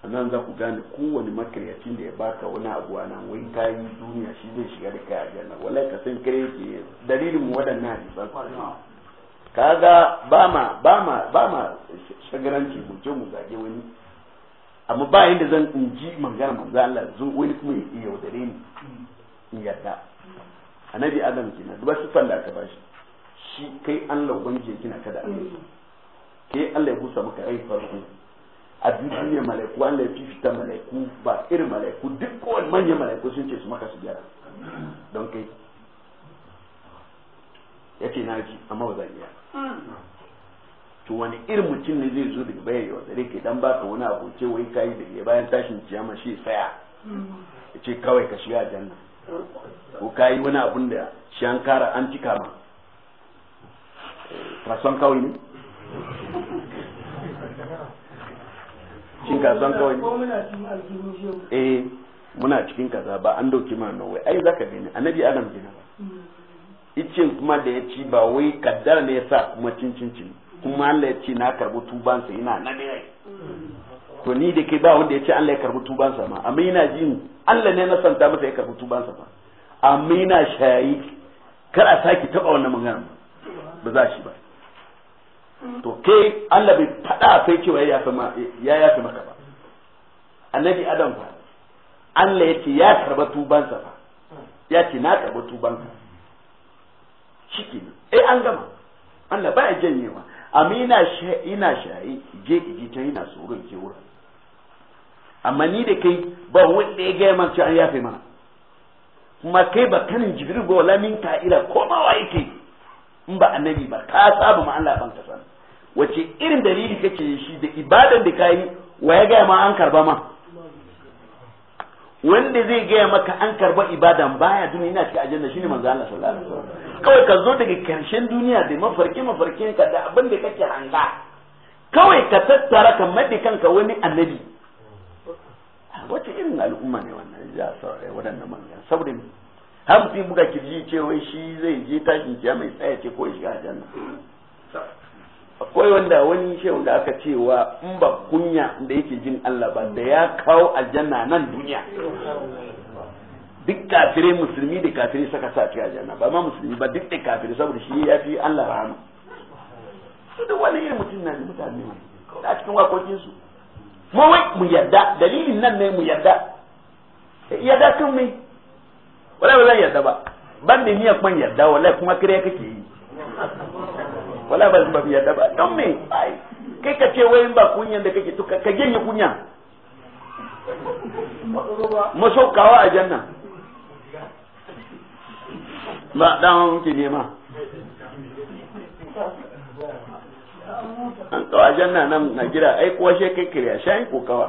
sannan nan za ku gane kowane makaryacin da ya baka wani abu a nan wai ta yi duniya shi zai shiga da kai a jana wala ka san kare ke dalilin mu waɗannan hadisan kaga ba ma ba ma ba ma shagaranci mu je mu zage wani amma ba yadda zan in ji magana manzo Allah zo wani kuma ya yaudare ni in a annabi adam kenan duba sifan da aka bashi shi kai Allah ubangiji kina kada Allah kai Allah ya busa maka rai farko a duniya malaiku an laifi fita malaiku ba irin malaiku duk kowane manyan malaiku sun ce su maka su gyara don kai ya ce na ji amma ba zan iya to wani irin mutum ne zai zo daga bayan yau tsare ke dan baka wani abu ce wai kai da bayan tashin ciyama shi tsaya ya ce kawai ka shiga janna ko kayi wani abun da shi an kara an cika ma eh, rason kawai ne cikin kasuwan kawai eh muna cikin kaza ba an dauki mana wai ai zaka gani annabi adam gina ba icin kuma da ya ci ba wai kaddara ne ya sa kuma cin cin cin kuma Allah ya ce na karbi tubansa ina na ne to ni da ke ba wanda ya ce Allah ya karbi tubansa ma amma ina jin Allah ne na santa masa ya karbi tubansa ma amma ina shayi kar a saki taba wannan magana ba za shi ba to ke Allah bai faɗa sai cewa ya yafe maka ba annabi adam fa Allah ya ce ya karba sa fa ya ce na karba tubanka shike ne eh an gama Allah ya janyewa amina shi ina shayi je ki ji ta ina tsoron ke wurin amma ni da kai ba wanda ya gaya man an yafe mana kuma kai ba kanin jibril ba wala min ta ila komawa yake in ba annabi ba ka saba ma Allah ban kasan wace irin dalili kake shi da ibadan da kai wa ya ga ma an karba ma wanda zai gaya maka an karba ibadan baya duniya ina cikin aljanna shine manzo Allah sallallahu alaihi wasallam kawai ka zo daga karshen duniya da mafarki mafarki ka da abin da kake hanga kawai ka tattara ka madi kanka wani annabi wace irin al'umma ne wannan ya sa eh, wadannan manzo saboda har mutum buga kirji ce wai shi zai je tashin ciya mai tsaya ce ko shiga aljanna akwai wanda wani shi wanda aka cewa in ba kunya da yake jin Allah ba da ya kawo aljanna nan duniya duk kafirai musulmi da kafirai saka sa a aljanna ba ma musulmi ba duk da kafirai saboda shi ya fi Allah rahama su da wani irin mutum na mutane ne da cikin wakokin su mu wai mu yarda dalilin nan ne mu yarda yarda kan mai wallahi ba zan yarda ba ban da niyyar ban yarda wallahi kuma kare kake yi wallahi ba zan yarda ba don me kai ka ce wayin ba kunyan da kake tuka ka ganye kunya masaukawa a janna ba dan ki nema an kawo janna nan na gida ai kuwa she kai kiriya sha yi kokawa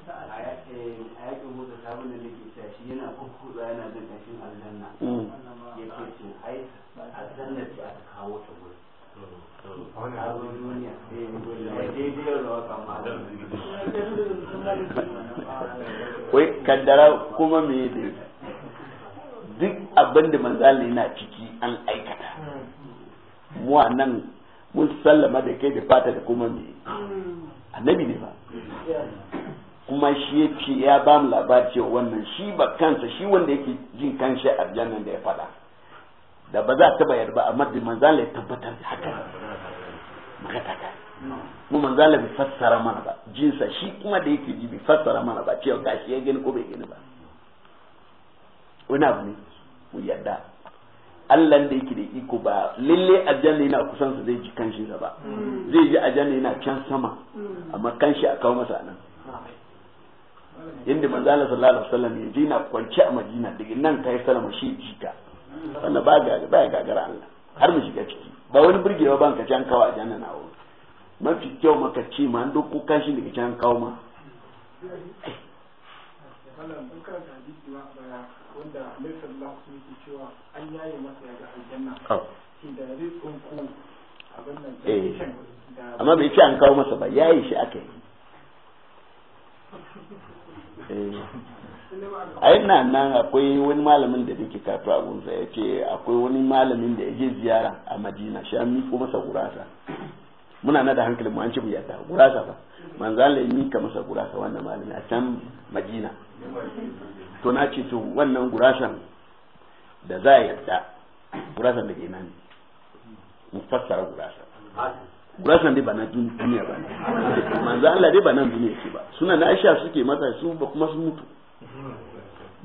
wai kaddara kuma me ne duk abin da manzali na ciki an aikata mu a nan mun sallama da kai da fata da kuma me annabi ne ba kuma shi ya ce ya ba mu labar cewa wannan shi ba kansa shi wanda yake jin kanshi a jannan da ya fada da ba za ta bayar ba amma da manzali ya tabbatar da haka makataka mu Allah bai fassara mana ba jinsa shi kuma da yake ji bai fassara mana ba cewa gashi ya gani ko bai gani ba wani abu ne mu yadda Allah da yake da iko ba lalle aljanna yana kusan sa zai ji kanshi ba zai ji aljanna yana can sama amma kanshi a kawo masa nan inda Allah sallallahu alaihi wasallam ya ji na kwance a Madina daga nan kai salama shi jita wannan ba ga ba gagara Allah har mu shiga ciki ba wani burgewa ban ka jan kawo aljanna na wuri mafi kyau maka ce ma an doko kashi daga can kawo ma eh. amma bai ce an kawo masa ba yi shi aka yi yi eh. na nan akwai wani malamin da nake karatu a gunsa ya ce akwai wani malamin da ya je ziyara a madina shi an miko masa gurasa muna na da hankalin mu an ci buyata gurasa ba manzo Allah ya mika masa gurasa wannan malami a can Madina to na ce to wannan gurasan da za ya yarda gurasan da ke nan mu fassara gurasan gurasan dai ba na duniya ba manzo Allah dai ba nan duniya ce ba suna na Aisha suke masa su ba kuma su mutu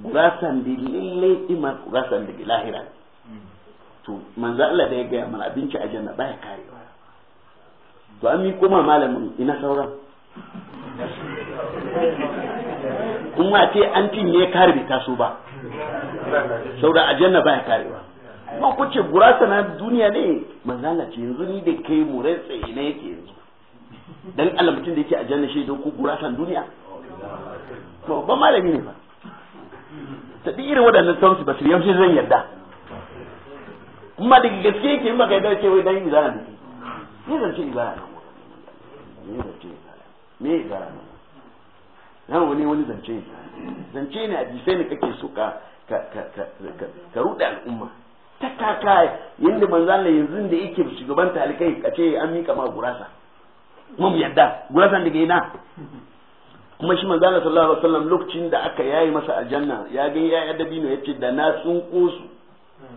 gurasan da lalle ima gurasan da lahira to manzo Allah da ya ga mana abinci a janna ya karewa to an mi koma malamin ina sauran kuma ce an cinye kare bai taso ba saboda ajanna baya karewa ma kuce gurasa na duniya ne manzala ce yanzu ni da kai mu rantsa ina yake yanzu dan Allah mutum da yake ajanna shi don ku gurasan duniya to ba malami ne ba ta duk irin waɗannan sauransu ba su yaushe zan yarda kuma da gaske yake yi maka yarda ce wai dan izara ne ni zan ce ibara me zance ya tsara me ya tsara na wani wani zance ya tsara zance ne a jise ne kake so ka ka ruɗe al'umma ta kaka yadda manzala yanzu da yake shugaban talikai a ce an mika ma gurasa mun yadda gurasa daga ina kuma shi manzala sallallahu alaihi wasallam lokacin da aka yayi masa aljanna ya ga ya yi adabi dabino yace da na sun kosu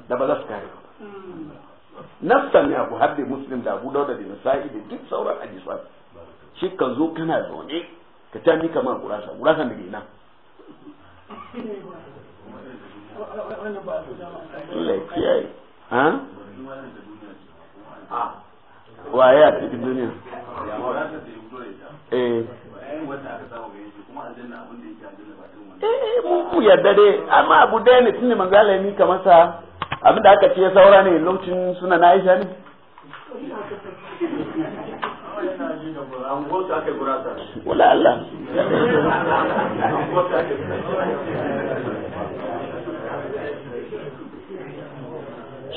da ba za su kare ba hmm. nafsan ya ku hadde muslim da abu dauda da nasa'i da duk sauran hadisai shi ka zo kana zaune ka ta mika ma gurasa gurasa da ina lafiya ha ah, waye a cikin duniya eh, eh mu yarda dai amma abu daya ne tunda manzo ya mika masa abin da aka ce saura ne lokacin suna na Aisha ne wala Allah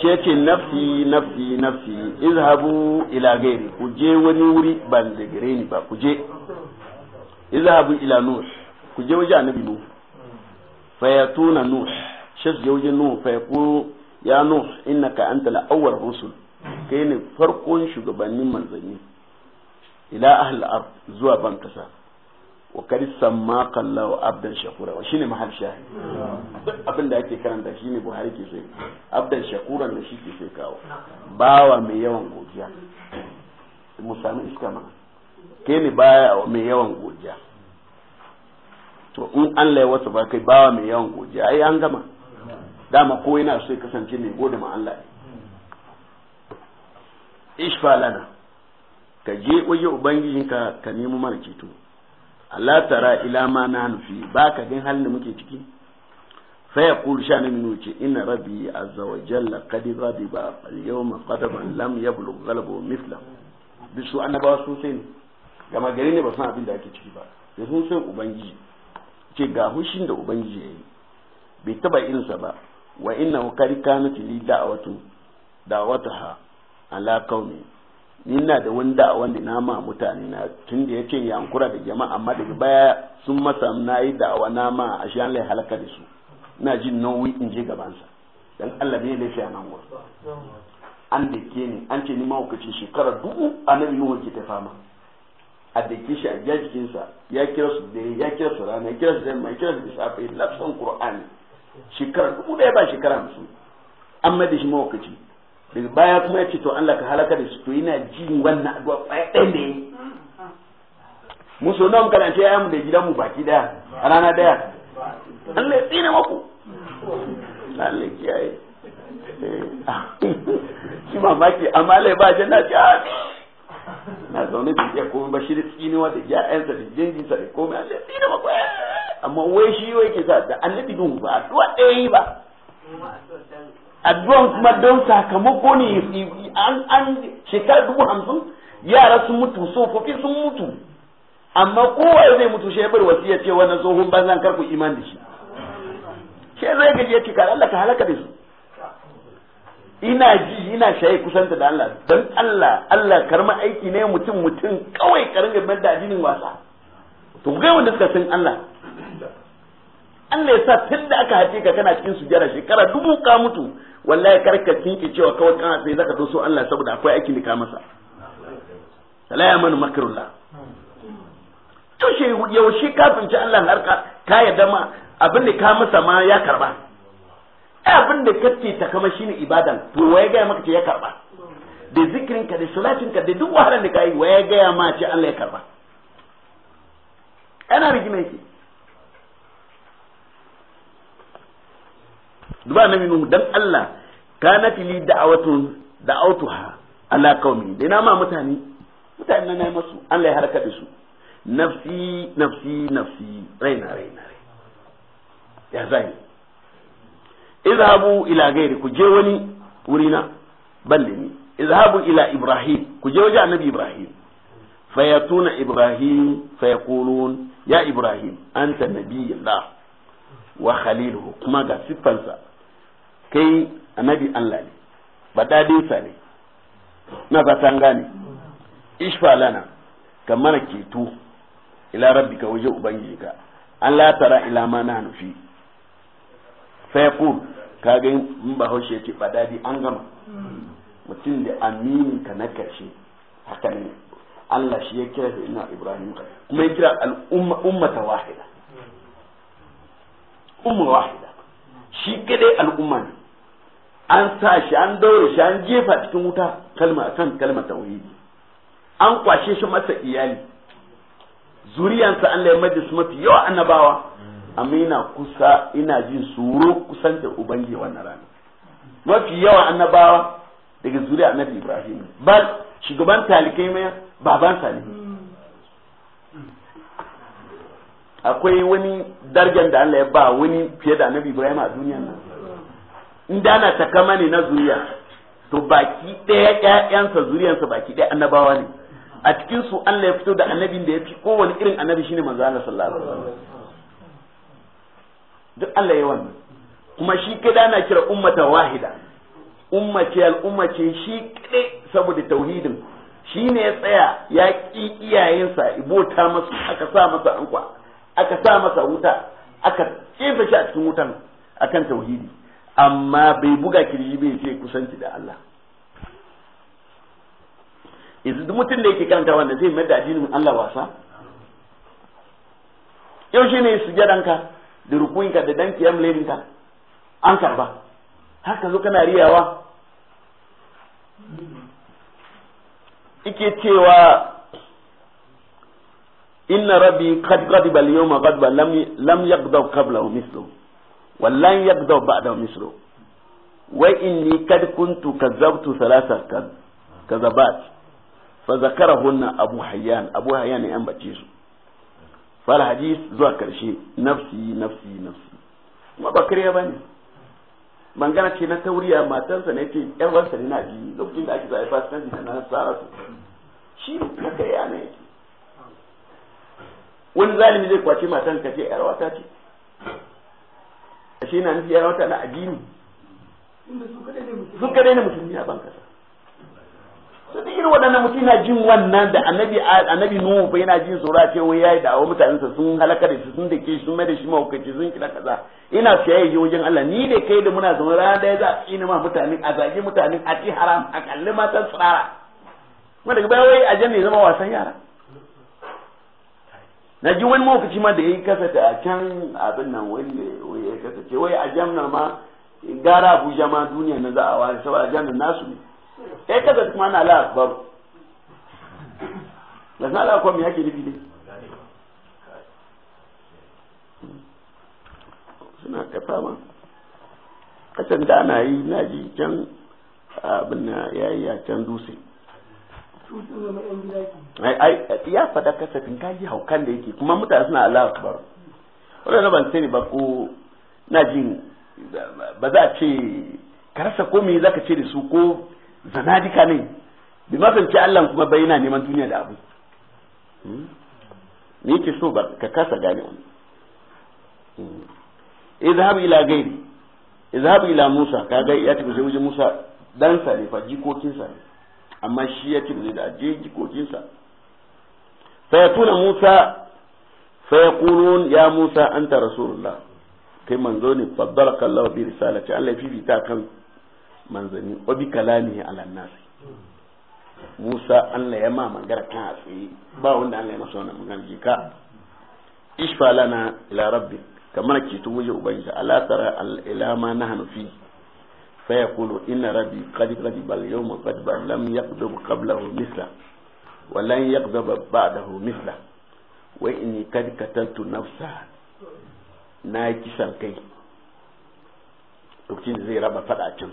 shi yake nafsi nafsi nafsi izhabu ila gairi kuje wani wuri ban da gare ni ba ku je izhabu ila nuh kuje waje annabi nuh fa yatuna nuh shi je waje nuh fa yaqulu ya nuh innaka antal awwal rusul kai ne farkon shugabannin manzanni ila ahli ard zuwa ban kasa wa kad samma qallahu abdan shakura wa shine mahal shahi abin da ake karanta shine buhari ke so abdan shakura da shi ke so kawo bawa mai yawan godiya mu sami iska ma. ke ne baya mai yawan godiya to in Allah ya wata ba kai bawa mai yawan godiya ai an gama dama ko yana so ya kasance mai gode ma Allah ishfa lana ka je waje ubangijinka ka nemo mana ceto Allah tara ila ma na nufi ba ka gan halin da muke ciki fa qul sha'ni min wuce inna rabbi azza wa jalla qad ghadiba al yawma qadaban lam yablugh ghalabu mithla bisu annabawa sosai sai gama gari ne ba san abin da ake ciki ba da sun san ubangiji ce ga hushin da ubangiji yayi bai taba irinsa ba wa innahu qad kanat li da'watu da'wataha ala qaumi ina da wani da wanda na ma mutane na tun da yankura da jama'a amma daga baya sun masa na yi da'awa na ma a shi an lai halaka da su ina jin nauyi in je sa dan Allah ne laifi a nan gurin an da ke ni an ce ni ma hukaci shekara dubu a nan yiwu ke ta fama a da ke shi a sa ya kira su da ya kira su rana ya kira su da ya kira su da safe lafsan qur'ani shekara dubu daya ba shekara hamsin amma da shi mawakaci daga baya kuma ya ce to Allah ka halaka da su to yana jin wannan addu'a ɗaya ɗaya ne mu so nan kana ce yayan mu da gidan mu baki daya a rana daya Allah ya tsine maku Allah kiyaye eh, ah. shi ma maki amma lai ba janna ce ah, na zaune da ya komai bashi da tsini tsinewa da ayansa da jinjinsa da komai Allah ya tsine maku eh, amma wai shi wai ke sa da annabi dun ba addu'a ɗaya yi ba addu'an kuma don sakamako ne an an shekara dubu hamsin yara sun mutu tsofaffi sun mutu amma kowa zai mutu shi bar ya ce wannan tsohon banzan kar ku iman da shi ke zai gaji yake kar Allah ka halaka da su ina ji ina shaye kusanta da Allah Don Allah Allah karma aiki ne mutum mutum kawai ka ringa da addinin wasa to ga wanda suka san Allah Allah ya sa tun da aka haife ka kana cikin su jara shekara dubu ka mutu wallahi karka kinki cewa kawai kana sai zaka doso Allah saboda akwai aikin da ka masa salaya man makrullah to she yaushe ka ci Allah har ka ka yadda ma abin da ka masa ma ya karba abin da kake ta kama shine ibadan to waye ga maka ce ya karba da zikirin ka da salatin ka da duk wahalar da kai waye ga ma ce Allah ya karba ana rigima yake duba na minu dan Allah kanat li da'awatun da'awtuha ala kaumi da ina ma mutane mutane na nayi masu Allah ya haraka da su nafsi nafsi nafsi raina raina ya zai izhabu ila gairi ku je wani wurina balle ni izhabu ila ibrahim ku je waje annabi ibrahim fayatuna ibrahim fayaqulun ya ibrahim anta nabiyullah wa khaliluhu kuma ga siffansa kai annabi Allah ne ba dadinsa ne na fatan gane ishfa lana ka mana keto ila rabbika waje ubangiji an la tara ila ma na nufi fa yaqul ka ga in ba haushe ce ba an gama mutum da aminin ka na karshe haka ne Allah shi ya kira da ina Ibrahim kuma ya kira al'umma ummata wahida umma wahida shi kadai al'umma ne an sa shi an daure shi an jefa cikin wuta kalma kan kalma tauhidi an kwashe shi masa iyali zuriyansa an ya maida su mafi yawa annabawa amma ina kusa ina jin tsoro kusan da ubangi wannan rana mafi yawa annabawa daga zuriya annabi ibrahim bal shugaban talikai mai babansa ne akwai wani darjan da Allah ya ba wani fiye da annabi Ibrahim a duniya nan in da ana takama ne na zuriya to baki ɗaya ƴaƴansa zuriyansa baki ɗaya annabawa ne a cikin su Allah ya fito da annabin da ya fi kowane irin annabi shine manzo Allah sallallahu alaihi wasallam duk Allah ya wannan kuma shi kada na kira ummata wahida al'umma ummati shi kadai saboda tauhidin shi ne ya tsaya ya ki iyayensa ibota masu aka sa masa ankwa aka sa masa wuta aka kefe shi a cikin wutan akan tauhidi amma bai buga kirji bai ce kusanci da Allah yanzu mutum da yake karanta wanda zai mai da addinin Allah wasa yau shine sujadanka da rukuninka da danki kiyam ka an karba haka zo kana riyawa ike cewa inna rabi qad ghadiba ba yawma ghadba lam lam yaghdab qablahu mithlu wa lan yaghdab ba'dahu mithlu wa inni kad kuntu kazzabtu thalatha kazabat fa zakarahunna abu hayyan abu hayyan ya ambace su fal zuwa karshe nafsi nafsi nafsi kuma ba kariya bane mangana ce na tauriya matarsa ne ce yar na ji lokacin da ake zai fasikanci da na saratu shi na kariya ne wani zalimi zai kwace matan ka ce yar wata ce shi na nufi yar wata na addini sun kadai ne musulmi a bankasa sun irin waɗannan mutum na jin wannan da annabi annabi nuhu fa yana jin tsoro a ce wai yayi dawo mutanensa sun halaka da shi sun da ke sun mai da shi mahaukaci sun kira kaza ina fiye yaje wajen Allah ni da kai da muna zama rana daya za a tsina ma mutane a zage mutane a ci haram a kalli matan tsara. kuma daga baya wai a janne zama wasan yara na ji wani mawukaci ma da ya yi kasata a can abin nan wani ya kasace wai a jamna ma gara abuja ma duniya na za a ware saboda jamna nasu ne ya kasata kuma na ala akbar da na ala akbar me yake nufi ne suna kafa fama kasan da ana yi na ji can abin na yayi a can dutse ya faɗa kasafin kaji haukan da yake kuma mutane suna Allah akbar wannan ban sani ba ko na jin ba za a ce ka rasa ko me zaka ce da su ko zanadika ne bi ma ce Allah kuma bai yana neman duniya da abu me hmm? yake so ba ka kasa gane wani hmm. izhab ila gairi izhab ila Musa kaga ya tafi sai Musa dan sa ne fa jikokin sa ne amma shi ya ce da je jikokinsa fayakuna musa fayakulun ya musa anta rasulullah kai manzo ne faddaraka Allah bi risalati Allah fi ta kan manzanni wa bi kalamihi ala nas Musa Allah ya ma magana kan tsaye ba wanda Allah ya masa wannan magana ji ka ishfa lana ila rabbi kamar ki tumuje waje ubangiji ala tara ila ma nahnu fi فيقول إن ربي قد غضب اليوم غضبا لم يغضب قبله مثله ولن يغضب بعده مثله وإني قد قتلت نفسا ناكي سنكي lokacin da zai raba fada can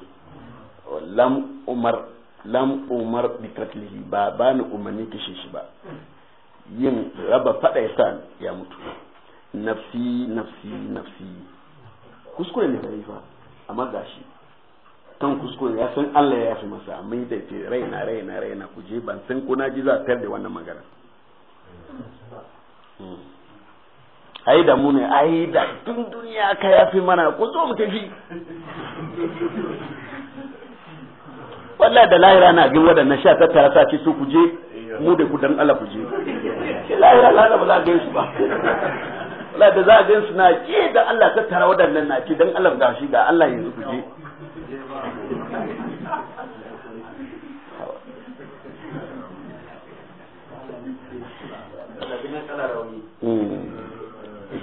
lam umar lam umar bi ba ba ni umarni kashe shi ba yin raba fada yasa ya mutu nafsi nafsi nafsi kuskure ne fa amma gashi kan kuskure ya san Allah ya fi masa mai da ce raina raina raina ku je ban san ko na ji za tar da wannan magana hmm. ai da mu ne ai da tun duniya ka ya fi mana ku zo mu tafi wallahi da lahira na gin wadannan sha tattara sa ce su ku je mu da ku dan Allah ku je lahira lahira ba za a gaisu ba wallahi da za a gaisu na ke da Allah tattara waɗannan na ke dan Allah ga shi ga Allah yanzu ku je Hmm.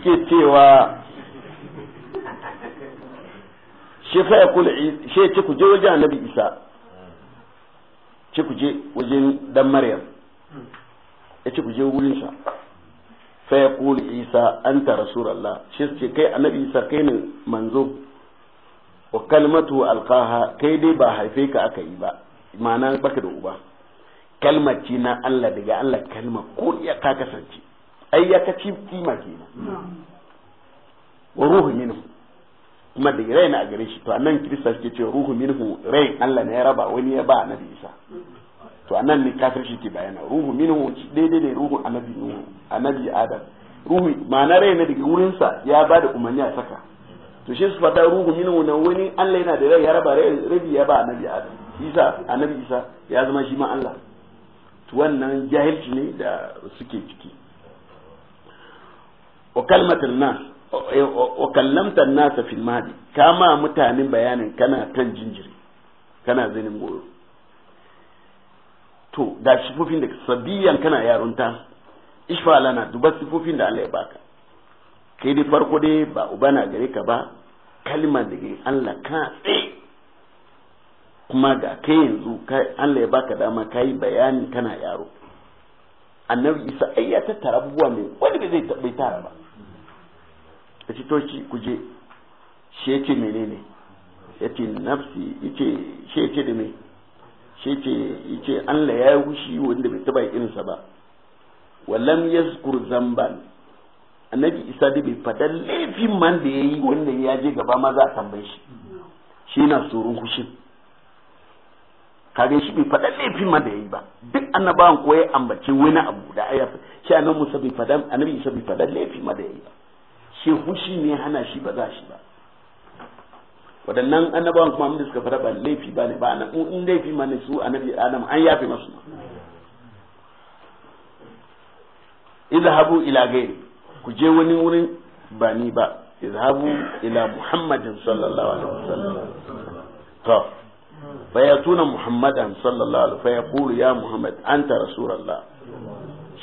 ke cewa shi fa ya kula shi ci ku je wajen annabi isa ci ku je wajen dan maryam ya ci ku je wurin sa fa ya kula isa anta rasulullah shi ce kai annabi isa kai ne manzo wa kalmatu alqaha kai dai ba haife ka aka yi ba ma'ana baka da uba kalmar ce na Allah daga Allah kalma ko ya ka kasance ai ya ci kima kenan wa ruhu minhu kuma da rai na a gare shi to annan kirista suke cewa ruhu minhu rai Allah ne ya raba wani ya ba annabi Isa to annan ne kafir shi ke bayana ruhu minhu daidai ne ruhu annabi Nuhu annabi Adam ruhu ma'ana rai ne daga wurinsa ya ba da umarni a saka to shi su fata ruhu minhu nan wani Allah yana da rai ya raba rabi ya ba annabi Adam Isa annabi Isa ya zama shi ma Allah to wannan jahilci ne da suke ciki wa kalmatul nas wa kallamta an-nas fil madi kama mutanen bayanin kana kan jinjiri kana zinin goro to da sifofin da sabiyan kana yarunta ishfa lana duba sifofin da Allah ya baka ke da farko dai ba uba na gare ka ba kalma daga Allah ka tsaye kuma ga kai yanzu Allah ya baka dama ka yi bayani kana yaro annabi isa ai ya tattara abubuwa ne wani bai zai bai tara ba ta ci kuje ku je shi yake menene yace nafsi yace shi yake da me shi yake yace Allah ya yi hushi wanda bai taba irinsa ba walam yazkur zamban annabi isa da bai faɗa laifin man da ya yi wanda ya je gaba ma za a tambaye shi shi na tsoron kushin kage shi bai faɗa laifin man da ya yi ba duk annabawan ko ya ambace wani abu da aya shi annabi musa bai faɗa annabi isa bai faɗa laifin man da ya yi ba shi hushi ne hana shi ba za shi ba waɗannan annabawan kuma mun da suka faɗa ba laifi ba ne ba in laifi ma ne su annabi adam an yafe masu idhabu ila gairi ku je wani wurin ba ni ba izhabu ila muhammadin sallallahu alaihi wasallam to fa yatuna muhammadan sallallahu alaihi fa yaqulu ya muhammad anta rasulullah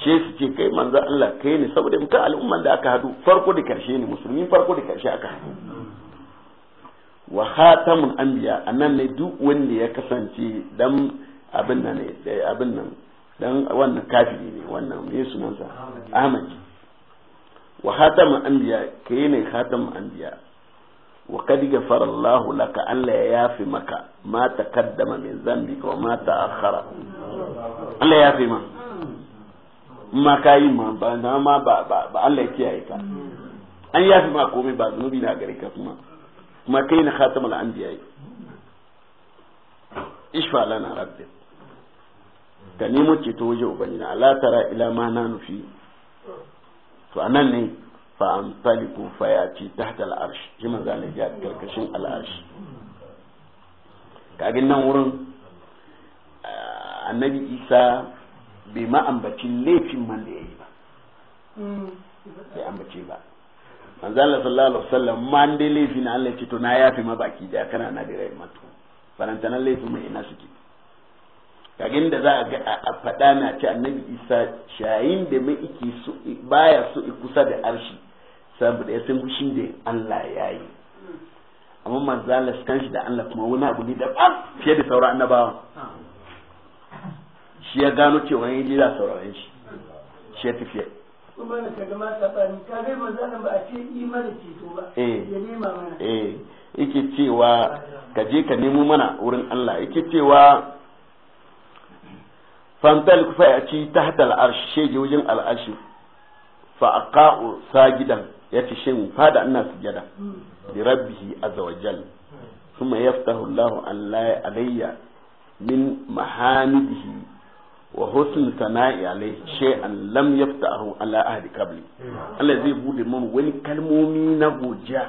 she su ce kai manzo Allah kai ne saboda mutan al'umman da aka hadu farko da karshe ne musulmi farko da karshe aka hadu wa khatamul anbiya annan ne duk wanda ya kasance dan abin nan abin nan dan wannan kafiri ne wannan me sunansa ahmad wa hatamin anbiya ka yi ne hatamin anbiya wa kad gafara Allah laka Allah ya yafi maka ma taqaddama min zambi wa ma ta'akhkhara Allah ya yafi ma ma kai ma ba na ma ba ba Allah ya kiyaye ka an yafi ma komai ba zunubi na gare ka kuma kuma kai ne khatamul anbiya ishfa lana rabbi ka nemo ceto waje ubangiji ala tara ila ma nanu fi to anan ne fa amsaliku fa ci tahta al'arsh shi manzo Allah ya karkashin al'arshi kagin nan wurin ah, annabi Isa bai ma ambaci laifin man da yayi ba bai ambace ba manzo Allah sallallahu alaihi wasallam man dai laifin Allah ya ce to na yafi ma baki da kana na da rai matu nan laifin mai ina suke kagin da za a faɗa na ci annabi isa shayin da mai ike baya so kusa da arshi saboda ya san gushin da allah ya yi amma manzala kan shi da allah kuma wani abu ne da ba fiye da sauran annabawa shi ya gano cewa yin lila sauraron shi shi ya tafiya kuma na kaga ma sabani kaga manzala ba a ce imani ceto ba eh. ya nema mana eh yake cewa ka je ka nemo mana wurin allah yake cewa fantal kufa ya ci ta hatar arshi shege wajen al'arshi fa a ka'u sagidan ya ce shin fada ina sujada li rabbihi azza wa jal kuma yaftahu Allahu alayya min mahamidihi wa husn sana'i alayhi shay'an lam yaftahu ala ahli qabli Allah zai bude mun wani kalmomi na goja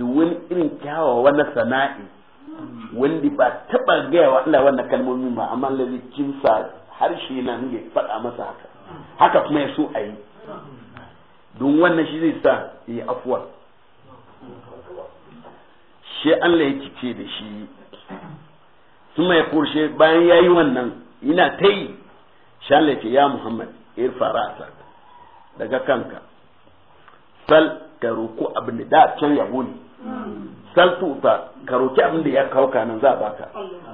da wani irin kyawawa na sana'i wanda ba taba gaya wa Allah wannan kalmomin ba amma Allah har shi harshe na ya faɗa masa haka haka kuma ya so a yi don wannan shi zai sa ya yi afuwa shi Allah ya kice da shi kuma ya kurshe bayan ya yi wannan yana ta yi shi Allah ya ce ya Muhammad irfa ra'asa daga kanka sal ka roƙo abin da can yabo ne saltuta ka roki abin da ya kawo kanin za a baka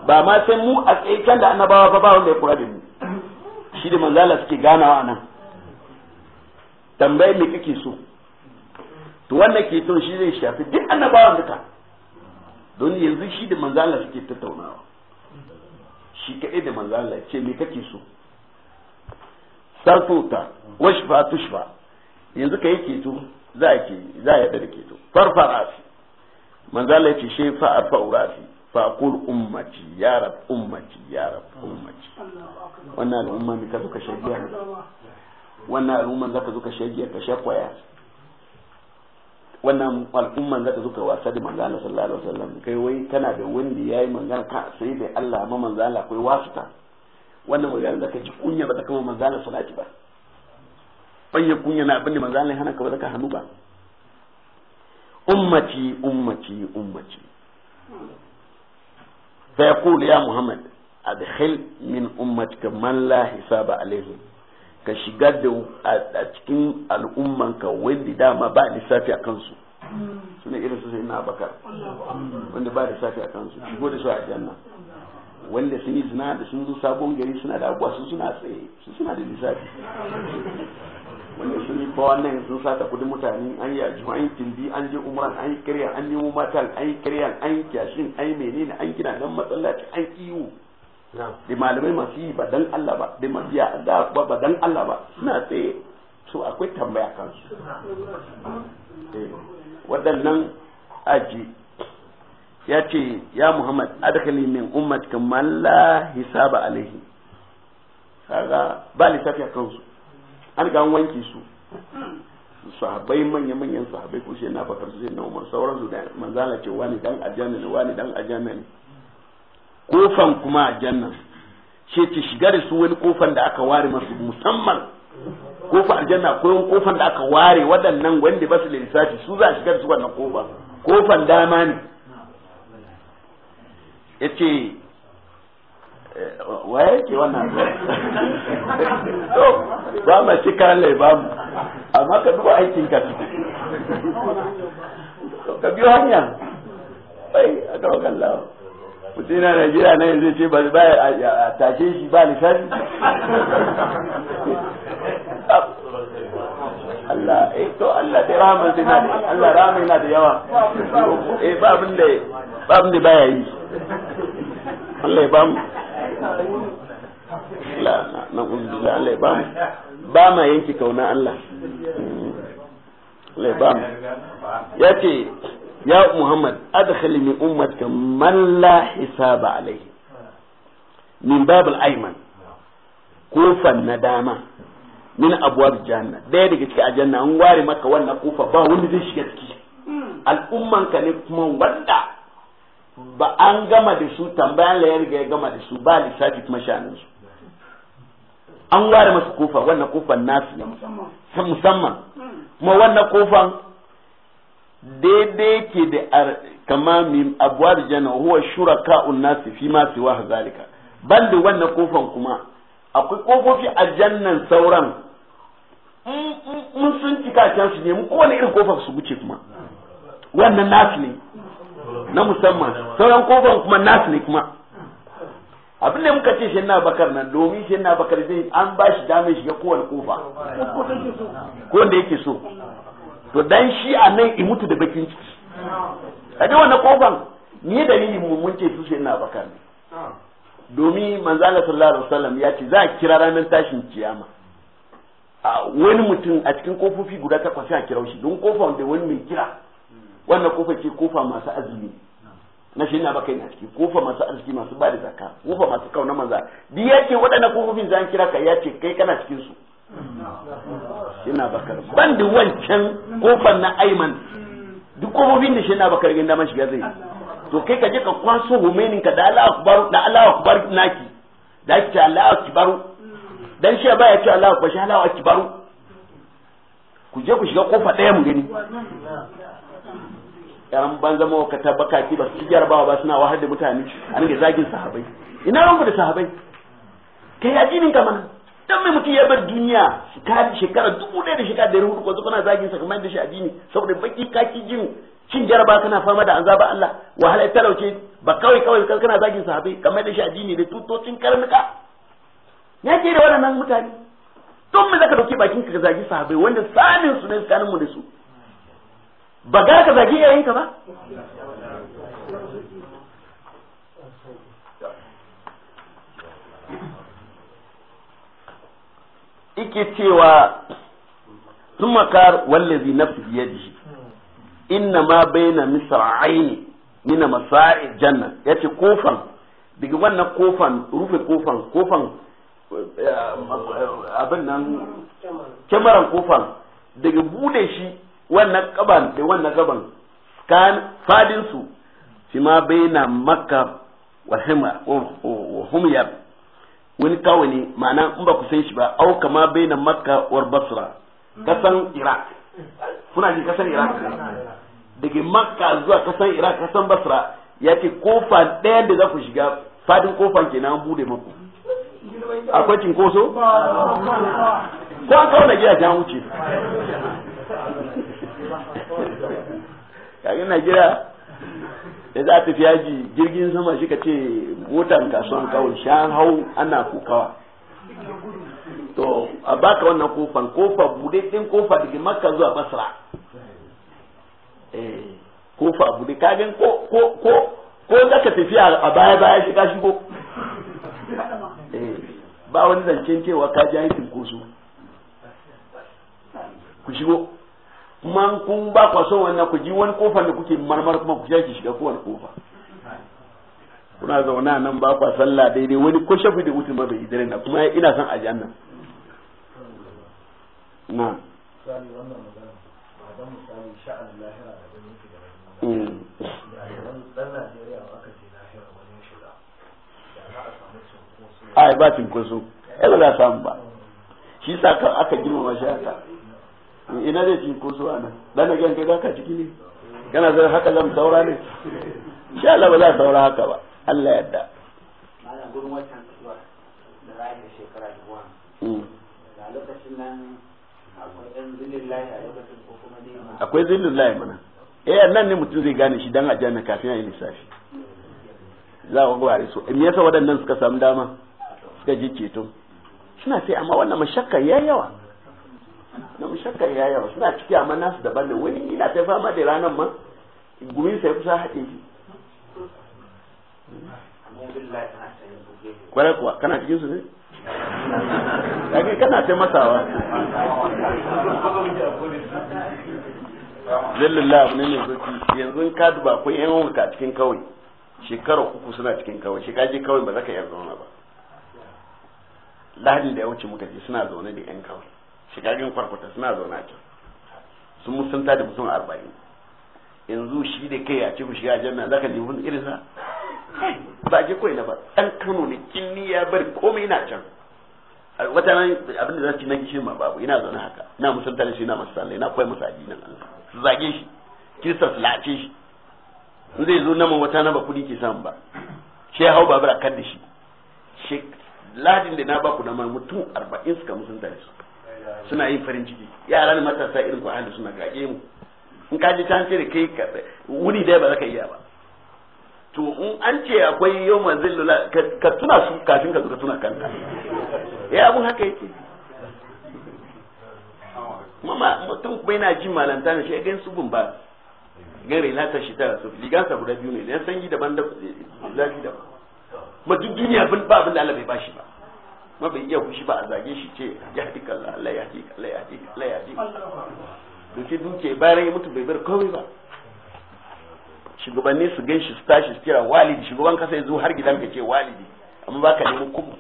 ba ma sai mu a tsaye can da annabawa ba ba wanda ya kura da mu shi da manzala suke ganawa nan tambaye me kake so to wannan ke tun shi zai shafi duk annabawan duka don yanzu shi da manzala suke tattaunawa shi kaɗai da manzala ce me kake so sarfuta washfa tushfa yanzu ka yi keto za a yi da keto farfara fi manzala yace shi fa afaurati fa qul ummati ya rab ummati ya rab ummati wannan al'umma ne ka zuka shagiya wannan al'umma zaka zuka shagiya ka shakwaya wannan al'umman zaka zuka wasa da Allah sallallahu alaihi wasallam kai wai kana da wanda yayi manzo ka sai da Allah ma Allah kai wasuta wannan magana zaka ji kunya ba ta kama manzala salati ba ban ya kunya na abin da ya hana ka ba zaka hannu ba ummati ummati ummati فيقول يا محمد أدخل من أمتك من لا hisaba عليهم ka shigar da a cikin al'ummanka wanda dama ba ni safi a kansu suna irin su sai na bakar wanda ba safi a kansu shigo da su a janna wanda sun yi zina da sun zo sabon gari suna da abuwa su suna tsaye su suna da lissafi wanda sun yi kowa nan sun sata kudin mutane an yi ajiyu an yi tindi an je umaran an yi kiryan an nemo matan an yi kiryan an yi kyashin an yi menene an gina nan matsalaci an iwu da malamai masu yi ba dan Allah ba da masu da ba ba dan Allah ba suna tsaye so akwai tambaya kansu eh, waɗannan aji ya ce ya Muhammad adakali min ummat kamar la hisaba alaihi kaga ba lissafi a kansu an ga wanke su sahabbai manya-manyan sahabbai ko shi na bakar su na umar sauran su da manzala ce wani dan aljanna ne wani dan aljanna ne kofan kuma aljanna ce ki shiga da su wani kofan da aka ware masu musamman kofa aljanna akwai wani kofan da aka ware waɗannan wanda ba su da lissafi su za a shiga da su wannan kofa kofan dama ne yace waye ke wannan to ba ma ci kalle ba mu amma ka duba aikin ka ka biyo hanya bai a tawakkal Allah mutum na Najeriya na yanzu ce ba a tashe shi ba lisan Allah eh to Allah da rahman sai na Allah rahman yana da yawa eh ba abin da ba abin da baya yi Allah ya ba mu Allah ya ba ma yanki kauna Allah Allah ya ya ce ya Muhammad adkhali min ummatika man la hisaba alayhi min babul ayman kofan nadama dama min abwab janna daya daga cikin aljanna an ware maka wannan kufa ba wanda zai shiga ciki al'umman ka ne kuma wanda ba an gama da su tambayan la ya riga ya gama da su ba lissafi kuma sha'anin su an ware masa kofa wannan kofan nasu ne musamman hmm. kuma wannan kofan daidai ke da kama min abuwar jana huwa ka'un nasu fi ma siwa zalika ban da wannan kofan kuma akwai kofofi a jannan sauran mun sun cika can su mun kowane irin kofar su wuce kuma wannan nasu ne na musamman sauran kofan kuma nasu ne kuma abin da muka ce shi na bakar nan domin shi na bakar zai an ba shi damar shiga kowane kofa ko wanda yake so to dan shi a nan i mutu da bakin ciki a da wannan kofan ni dalilin mu mun ce su shi na bakar ne domin Allah sallallahu alaihi wasallam ya ce za a kira ranar tashin kiyama wani mutum a cikin kofofi guda takwas a kira shi don kofan da wani mai kira wannan kofa ce kofa masu azumi na shi na baka yana ciki kofa masu arziki masu ba da zaka kofa masu kauna manza bi yake ce waɗannan kofofin zan kira ka yace kai kana cikin su yana bakar ban da wancan kofar na aiman duk kofofin da shi na bakar ginda man shiga zai to kai ka je ka kwaso humenin ka da Allah akbar da Allah akbar naki da ake Allah akbar dan shi ba ya ce Allah akbar shi Allah akbar ku je ku shiga kofa ɗaya mu gani yaran banza mawakata bakaki ba su jiyar jarabawa ba suna wahar da mutane a rage zagin sahabai ina ranku da sahabai kai addinin ka mana dan mai mutum ya bar duniya shekara dubu ɗaya da shekara ɗari hudu kwanzu kana zagin sa kamar da shi addini saboda baki kaki jin cin jaraba kana fama da anzaba Allah wahala ya talauce ba kawai kawai kana zagin sahabai kamar da shi addini da tutocin karnuka ya ke da waɗannan mutane don me zaka dauki bakin ka zagi sahabai wanda sanin su ne tsakanin mu da su ba ga ka zagi yayanka ba ike cewa sun makar wallazi nafsi biyadihi inna ma baina misra'aini min masa'i janna yace kofan daga wannan kofan rufe kofan kofan eh, abin nan kofan daga bude shi wannan kaban da wannan gaban kan fadin su shi ma baina makka wa hima wa wani kawani ne ma'ana in ba ku san shi ba au kama baina makka wa basra kasan iraq kuna ji kasan iraq daga makka zuwa kasan iraq kasan basra ya ce kofa ɗaya da za ku shiga fadin kofan ke an bude muku akwai cinkoso ko an kawo na jan wuce kaga jira da za ta yaji jirgin sama shi ka ce motan kasuwan kawai shan hau ana kokawa to a baka wannan kofan kofa budaddin kofa daga makka zuwa basra eh kofa bude kagan ko ko ko ko zaka tafiya a baya baya shiga shigo ko eh, ba wani zancen cewa ka ji aikin ko su ku shigo kuma kun ba kwa son wannan ku ji wani kofar da kuke marmar kuma ku shaki shiga kowane kofa kuna zauna nan ba kwa sallah daidai wani ko shafi da wuce ma bai idare na kuma ina son aji annan na ai ba cinkoso ai ba za samu ba mm. shi sa aka girmama shi haka ina zai ci ko su a nan dan again kai baka ciki ne kana zai haka lam saura ne insha Allah ba za saura haka ba Allah ya yarda malam gurin wancan zuwa da rayu da shekara duwa mm. a lokacin nan akwai dan zillillahi a lokacin ko kuma ne akwai zillillahi mana eh nan ne mutum zai gane shi dan aljanna kafin ya yi lissafi za a gware so me yasa waɗannan suka samu dama suka ji ceto suna sai amma wannan mashakka yayi yawa na mushakkar ya yawa suna ciki amma nasu daban ne wani ina ta fama da ranar ma gumin sai kusa haɗe shi kwarai kuwa kana cikin su ne kage kana ta masawa lillallah abu ne ne zuci yanzu in ka duba ko yan wuka cikin kawai shekara uku suna cikin kawai shi kaje kawai ba za ka iya zauna ba lahadin da ya wuce muka je suna zaune da yan kawai shekarun kwarkwata suna zauna can sun musanta da mutum arba'in yanzu shi da kai a cikin shiga jami'a za ka nemi irin sa ba ke koyi na ba ɗan kano ne kinni ya bar komai na can wata nan abin da za ci na gishin ma babu ina zaune haka na musanta da shi na masu sallai na koyi masu addinin Allah su zage shi kirista su lace shi in zai zo naman wata na ba kudi ke samu ba shi ya hau babura kan da shi ladin da na baku na mutum arba'in suka musanta da su suna yin farin ciki yara ne matasa irin ku ahli suna kage mu in ka ji ta ce da kai wuri dai ba za ka iya ba to in an ce akwai yau manzil ka tuna su kafin ka zo ka tuna kanka ya eh, abun haka yake mama mutum bai na jin malanta ne shi ya gan su gun ba gan relata shi tara su ligansa guda biyu ne dan sanyi daban da zafi daban ma duk duniya bin ba abin da Allah bai bashi ba ma bai iya kushi ba a zage shi ce ya haɗi kalla Allah ya haɗi Allah ya haɗi Allah ya haɗi duke duke bayan ya mutu bai bar komai ba shugabanni su gan shi su tashi su kira walidi shugaban kasa ya zo har gidan ka ce walidi amma baka nemi kuma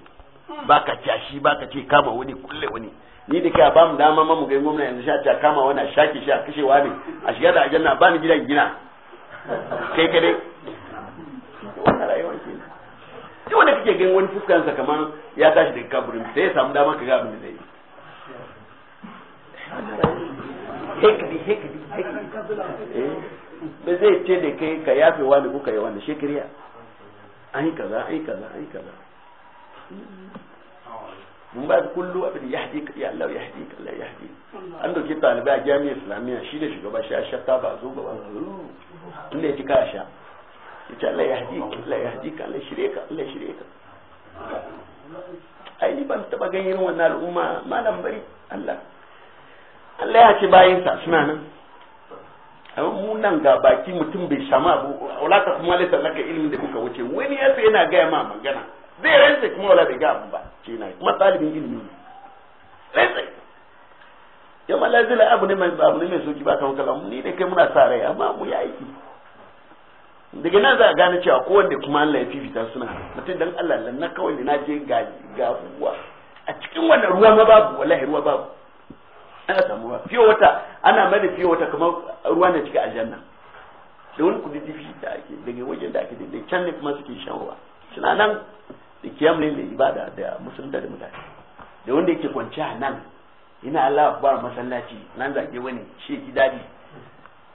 baka kyashi baka ce kama wani kulle wani ni da kai ba mu dama ma mu ga gwamna yanzu sha ta kama wani a shaki shi a kashe wani a shiga da ajanna ba ni gidan gina kai kadai wannan rayuwar kenan shi wanda kake gan wani fuskansa kamar ya tashi daga kaburin sai ya samu dama ka ga abin da zai yi hekdi hekdi hekdi eh, ba zai ce da kai ka yafe wani ko ka yi wani shekariya an kaza an kaza an kaza mun ba da kullu abin ya haɗe ka ya Allah ya haɗe ka Allah ya haɗe an dauki talibai a jami'ar islamiyya shi da shugaba shi a ta ba zo gaba tun da ya ci sha yace Allah ya haji ka Allah ya haji ka Allah shirye ka Allah shirye ka ai ban taba ganin irin wannan al'umma malam bari Allah Allah ya ci sa suna nan amma mu nan ga baki mutum bai sama abu ka kuma lissa naka ilimin da kuka wuce wani yasa yana gaya ma magana zai rantsa kuma wala bai ga abu ba ce na kuma talibin ilimi ne rantsa yamma lazila abu ne mai abu ne mai soki ba kan kalam ni da kai muna sa rai amma mu yi aiki daga nan za a gane cewa kowanne kuma Allah ya fifita suna mutum dan Allah na kawai ne na je ga ga ruwa a cikin wannan ruwa ma babu wallahi ruwa babu ana samu ruwa fiye wata ana mana fiye wata kamar ruwa ne cikin aljanna da wani kudi difi da ake daga wajen da ake da can ne kuma suke shan ruwa suna nan da kiyam ne da ibada da musulunta da mutane da wanda yake kwanciya nan ina Allah akbar masallaci nan zage wani shi gidadi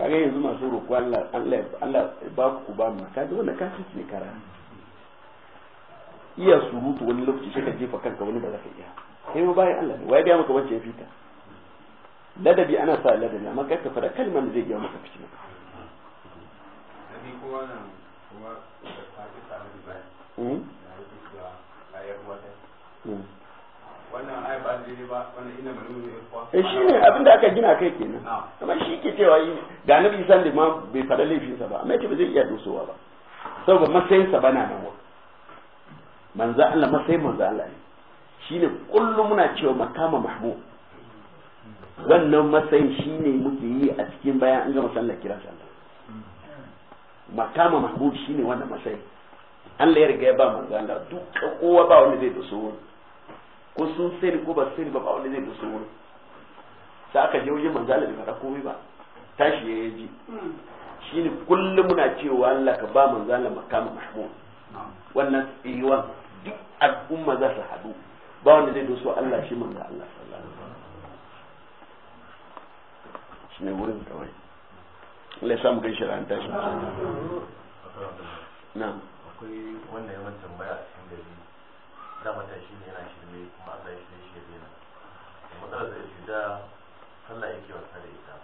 kaga yanzu masu roƙo Allah Allah Allah ba ku ba mu kaji wannan kafirci ne kara iya surutu wani lokaci sai ka jefa kanka wani ba za ka iya kai ma bayan Allah wai maka wacce ya fita ladabi ana sa ladabi amma kai ka fara kalmar da zai ga maka fitina abi kowa na kowa da ta ta da bai eh shi ne abin da aka gina kai kenan amma shi ke cewa da na bi da ma bai faɗa laifinsa ba amma yace ba zai iya dosowa ba saboda matsayinsa ba na nan wa manzo Allah matsayin manzo Allah ne shine kullum muna cewa makama mahmud wannan matsayin shine muke yi a cikin bayan an gama sallar kira sallah makama mahmud shine wannan matsayin Allah ya riga ya ba manzo Allah duk kowa ba wani zai dosowa. ko sun sai ko ba sai ba ba wanda zai musu wuri sai aka je wajen manzo Allah bai faɗa komai ba tashi ya ji shine kullum muna cewa Allah ka ba manzo Allah makamin mahmud wannan tsiriwan duk al'umma za su haɗu ba wanda zai doso Allah shi manzo Allah sallallahu alaihi wasallam shine wurin kawai Allah ya samu kai shir'an tashi na'am akwai wannan yawan tambaya a cikin gari da mata shi ne yana shi da Allah yake wasa da ita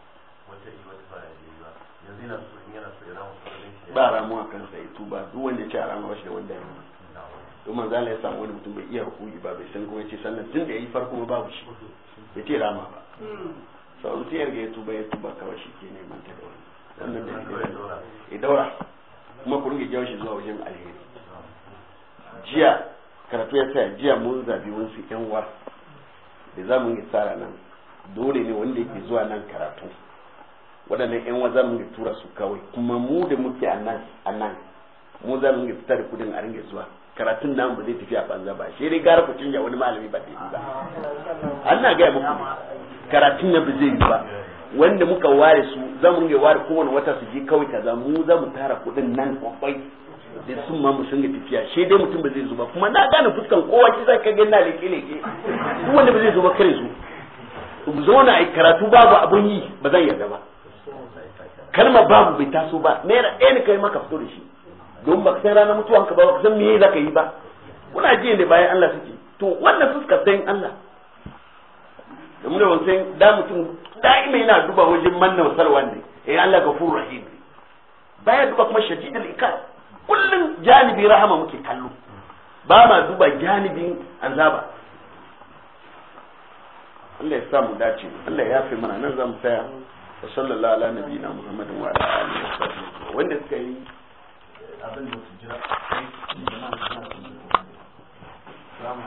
wata yi wata ba yayi ba yanzu yana so in yana so ya ramu su ba ramu ramuwa kansa ya tuba duk wanda ya ci a ramuwa shi da wanda ya yi to manzo Allah ya samu wani mutum bai iya hukumi ba bai san kuma yace sannan tun da yayi farko ba babu shi bai ce rama ba hmm. sau mutum yarda ya tuba ya tuba kawai shi ke neman ta daura sannan da ya daura kuma ku rinke jawo shi zuwa wajen alheri jiya karatu ya tsaya jiya mun zabi wasu yan war da za mu yi tsara nan dole ne wanda yake zuwa nan karatu waɗannan 'yan waza mun tura su kawai kuma mu da muke a nan a nan, mu za mu fita da kudin a ringa zuwa karatun nan ba zai tafi a banza ba shi dai gara ku canja wani malami ba dai ba Allah ga muku karatun nan ba zai yi ba wanda muka ware su za mu ringa ware kowane wata su je kawai kaza mu za mu tara kudin nan kwakwai da sun ma mu ga tafiya shi dai mutum ba zai zo ba kuma na gane fuskan kowa shi zaka ga na leke leke duk wanda ba zai zo ba kare zo zo na karatu babu abun yi ba zan yarda ba kalma babu bai taso ba naira ɗaya ne kai maka fito da shi don ba san ranar ka ba baka san me zaka yi ba kuna ji ne bayan Allah suke to wannan fuskar sayin Allah da mun da sayin da mutum da'ima yana duba wajen manna wasalwa ne eh Allah gafur rahim baya duba kuma shadidul ikar kullun janibi rahama muke kallo ba ma duba janibin azaba Allah ya sa mu dace Allah ya fi mana nan zamu tsaya wa sallallahu ala nabiyina muhammadin wa ala alihi wa sahbihi wanda suka yi abin da su jira